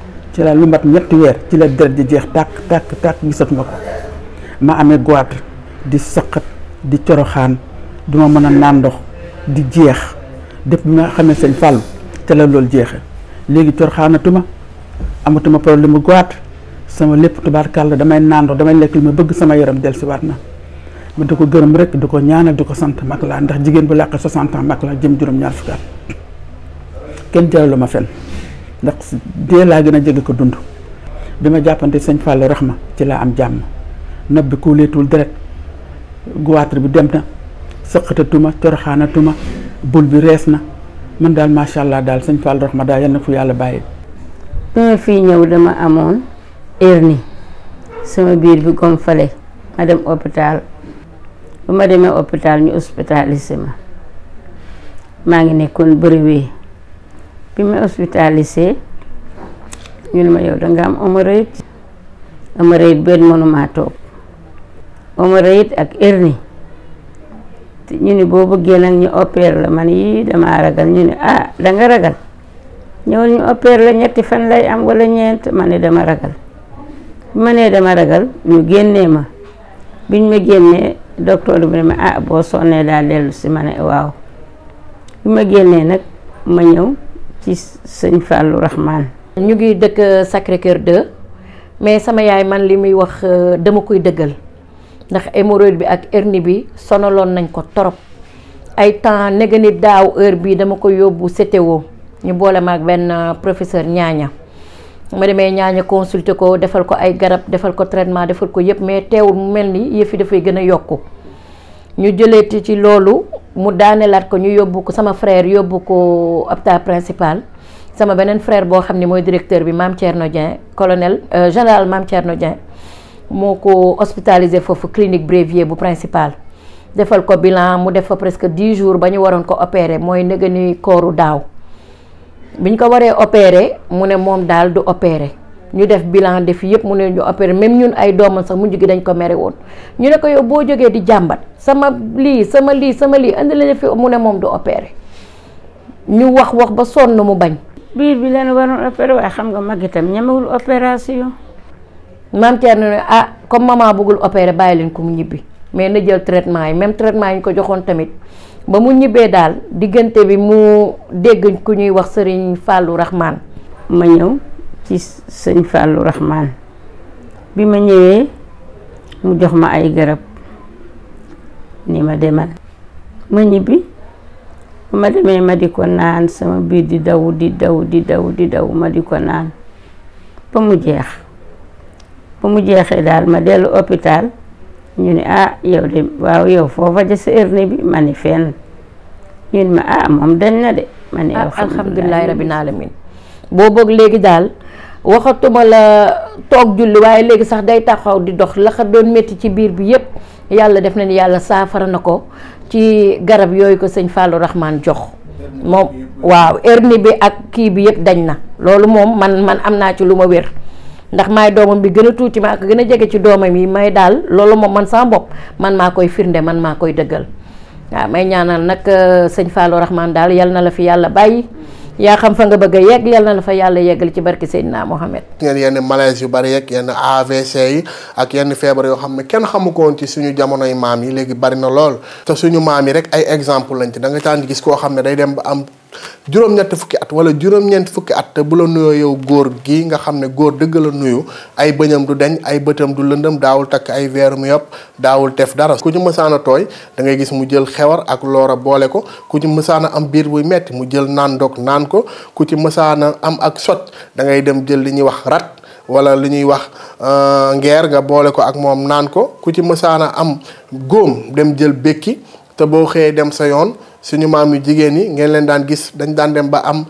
ci la lu mat ñetti weer ci la deret di jeex tàkk tàkk tàkk gisatuma ko ma amee goitre di sëqat di coroxaan duma mën a nàndox di jeex def bi ma xamee sëñ Fàllu ca la loolu jeexe léegi coroxaanatuma amatuma li mu goitre sama lépp tubaarkàlla damay naan damay lekk li ma bëgg sama yaram dellusiwaat na ma di ko gërëm rek di ko ñaanal di ko sant mag laa ndax jigéen bu làqee soixante ans mag laa jëm juróom-ñaar fukki at kenn jaralu ma fen ndax dé la gëna jëg ko dund bima ma señ sëñ Rahma ci la am jamm nopp ko letul deret guwatr bi dem na sëqatatuma toroxaanatuma bul bi resna man dal ma sha allah dal señ Fallou Rahma da yenn fu yalla baye ba fi ñew dama amone erni sama biir bi falé ma dem hôpital bu ma demee hôpital ñu ma ma ngi bëri wi bi ñu ne ma yow danga am hémorroïde hémorroïde benn mënuma toog hémorroïde ak hernie te ñu ne boo bëggee nag ñu opérer la man yii damaa ragal ñu ne ah danga ragal ñëwal ñu opérer la ñetti fan lay am wala ñeent man ne dama ragal bi dama ragal ñu génnee ma biñ ma génnee docteur bi ne ma ah boo sonnee daa dellu si ma ne waaw bi ma génnee nag ma ñëw ci sëñ Fallou Rahman. ñu ngi dëkk Sacré Cœur 2 mais sama yaay man li muy wax euh, dama koy dëggal ndax hémorroïde bi ak hernie bi sonaloon nañ ko torop ay temps nega daaw heure bi dama ko yóbbu CTO ñu boole ma ak benn euh, professeur ñaaña ma demee ñaaña consulter ko defal ko ay garab defal ko traitement defal ko yëpp mais teewul mu mel ni yëfi dafay gën a yokku ñu jëleeti ci loolu mu daaneelaat ko ñu yóbbu ko sama frère yóbbu ko hôpital principal sama beneen frère boo xam ni mooy directeur bi Mame Thierno Dieng colonel euh, général Mame Thierno moo ko hospitalisé foofu clinique Brévier bu principal defal ko bilan mu def fa presque dix jours ba ñu waroon ko opérer mooy nëgëni kooru daaw bi ñu ko waree opérer mu ne moom daal du opérer ñu def bilan def yëpp mu ne ñu opéré même ñun ay doomam sax mujj gi dañ ko mere woon ñu ne ko yow boo jógee di jàmbat sama lii sama lii sama lii indi la fi mu ne moom du opéré ñu wax wax ba sonn mu bañ. biir bi leen waroon opéré waaye xam nga mag itam ñemewul opération. maam Thierno ne ah comme maman bëggul opéré bàyyi leen ko mu ñibbi mais na jël traitement yi même traitement yi ñu ko joxoon tamit ba mu ñibbee daal diggante bi mu dégg ku ñuy wax Serigne Fallou Rahman. ma ñëw. ci sëñ Fallou Rahman bima ma mu jox ma ay garab ni ma demal ma ñibi ma démé ma di ko naan sama biir di daw di daw di daw di daw ma di ko naan ba mu jeex ba mu jeexee dal ma déllu hôpital ñu ni ah yow de waaw yow fofa ja sa erné bi ma ni fenn ñu ma ah mom dañ na dé mané ne ah, rabbil alamin bo bok léegi dal waxatuma la toog julli waaye léegi sax day taxaw di dox laxat doon metti ci biir bi yépp yàlla def na ni yàlla saafara na ko ci garab yooyu ko sëñ Fallou Rahman jox moom waaw hernie bi ak kii bi yépp dañ na loolu moom man man am naa ci lu ma wér ndax maay doomam bi gën a tuuti ma ko gën a jege ci doomam yi may daal loolu moom man sama bopp man maa koy firnde man maa koy dëggal waaw may ñaanal nag euh, sëñ Fallou Rahman daal yal na la fi yàlla bàyyi yaa xam fa nga bëgg a yegg yal na la fa yàlla yeggal ci barki Seydina Mohamed. ngeen yenn malaise yu bari yeeg yenn AVC yi ak yenn feebar yoo xam ne kenn xamu ko woon ci suñu jamonoy maam yi léegi bari na lool te suñu maam yi rek ay exemple lañ ci da nga tànn gis koo xam ne day dem ba am juróom-ñett fukki at wala juróom-ñeent fukki at te bu la nuyoo yow góor gi nga xam ne góor dëgg la nuyu ay bëñam du deñ ay bëtam du lëndam daawul takk ay veer mu yopp daawul def dara ku ci mësaana tooy da ngay gis mu jël xewar ak loora boole ko ku ci mësaan a am biir buy metti mu jël naan naan ko ku ci mësaan am ak sot da ngay dem jël li ñuy wax rat wala li ñuy wax euh, ngeer nga boole ko ak moom naan ko ku ci mësaan a am góom dem jël békki te boo xëyee dem sa yoon suñu maam yu jigéen yi ngeen leen daan gis dañ daan dem ba am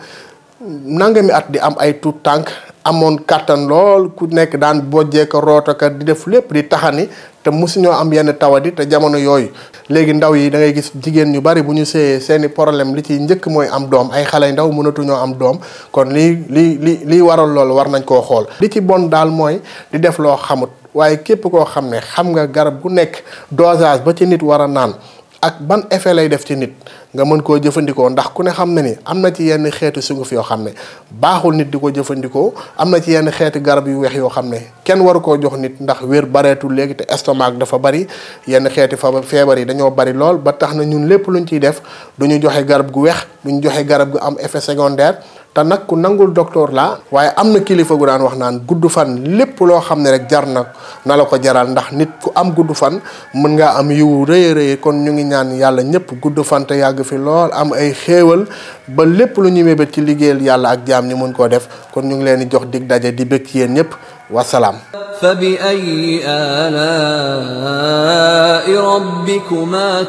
nangami at di am ay tout tànk amoon kàttan lool ku nekk daan bojjee ko roota di def lépp di taxani te mosuñoo am yenn tawadi te jamono yooyu léegi ndaw yi da ngay gis jigéen ñu bari bu ñu seeyee seeni problème li ciy njëkk mooy am doom ay xale ndaw mënatuñoo am doom kon lii li li lii waral loolu war nañ koo xool li ci bon daal mooy di def loo xamut waaye képp koo xam ne xam nga garab gu nekk dosage ba ci nit war naan ak ban effet lay def ci nit nga mën koo jëfandikoo ndax ku ne xam na ni am na ci yenn xeetu sunguf yoo xam ne baaxul nit di ko jëfandikoo am na ci yenn xeeti garab yu weex yoo xam ne kenn waru koo jox nit ndax wér bareetul léegi te estomac dafa bari yenn xeeti fa feebar yi dañoo bari lool ba tax na ñun lépp luñ ciy def duñu joxe garab gu weex ñu joxe garab gu am effet secondaire ta nak ku nangul docteur la waye am kilifa gu daan wax naan guddu fan lepp lo xamne rek jar na nalako jaral ndax nit ku am guddu fan mën nga am yu reey reey kon ñu ngi ñaan yalla ñepp guddu fan te yag fi lool am ay xewal ba lepp lu ñu mebe ci liggeel yalla ak jaam ñu mën ko def kon ñu ngi leen di jox dig dajje di wa salam fa bi ala rabbikuma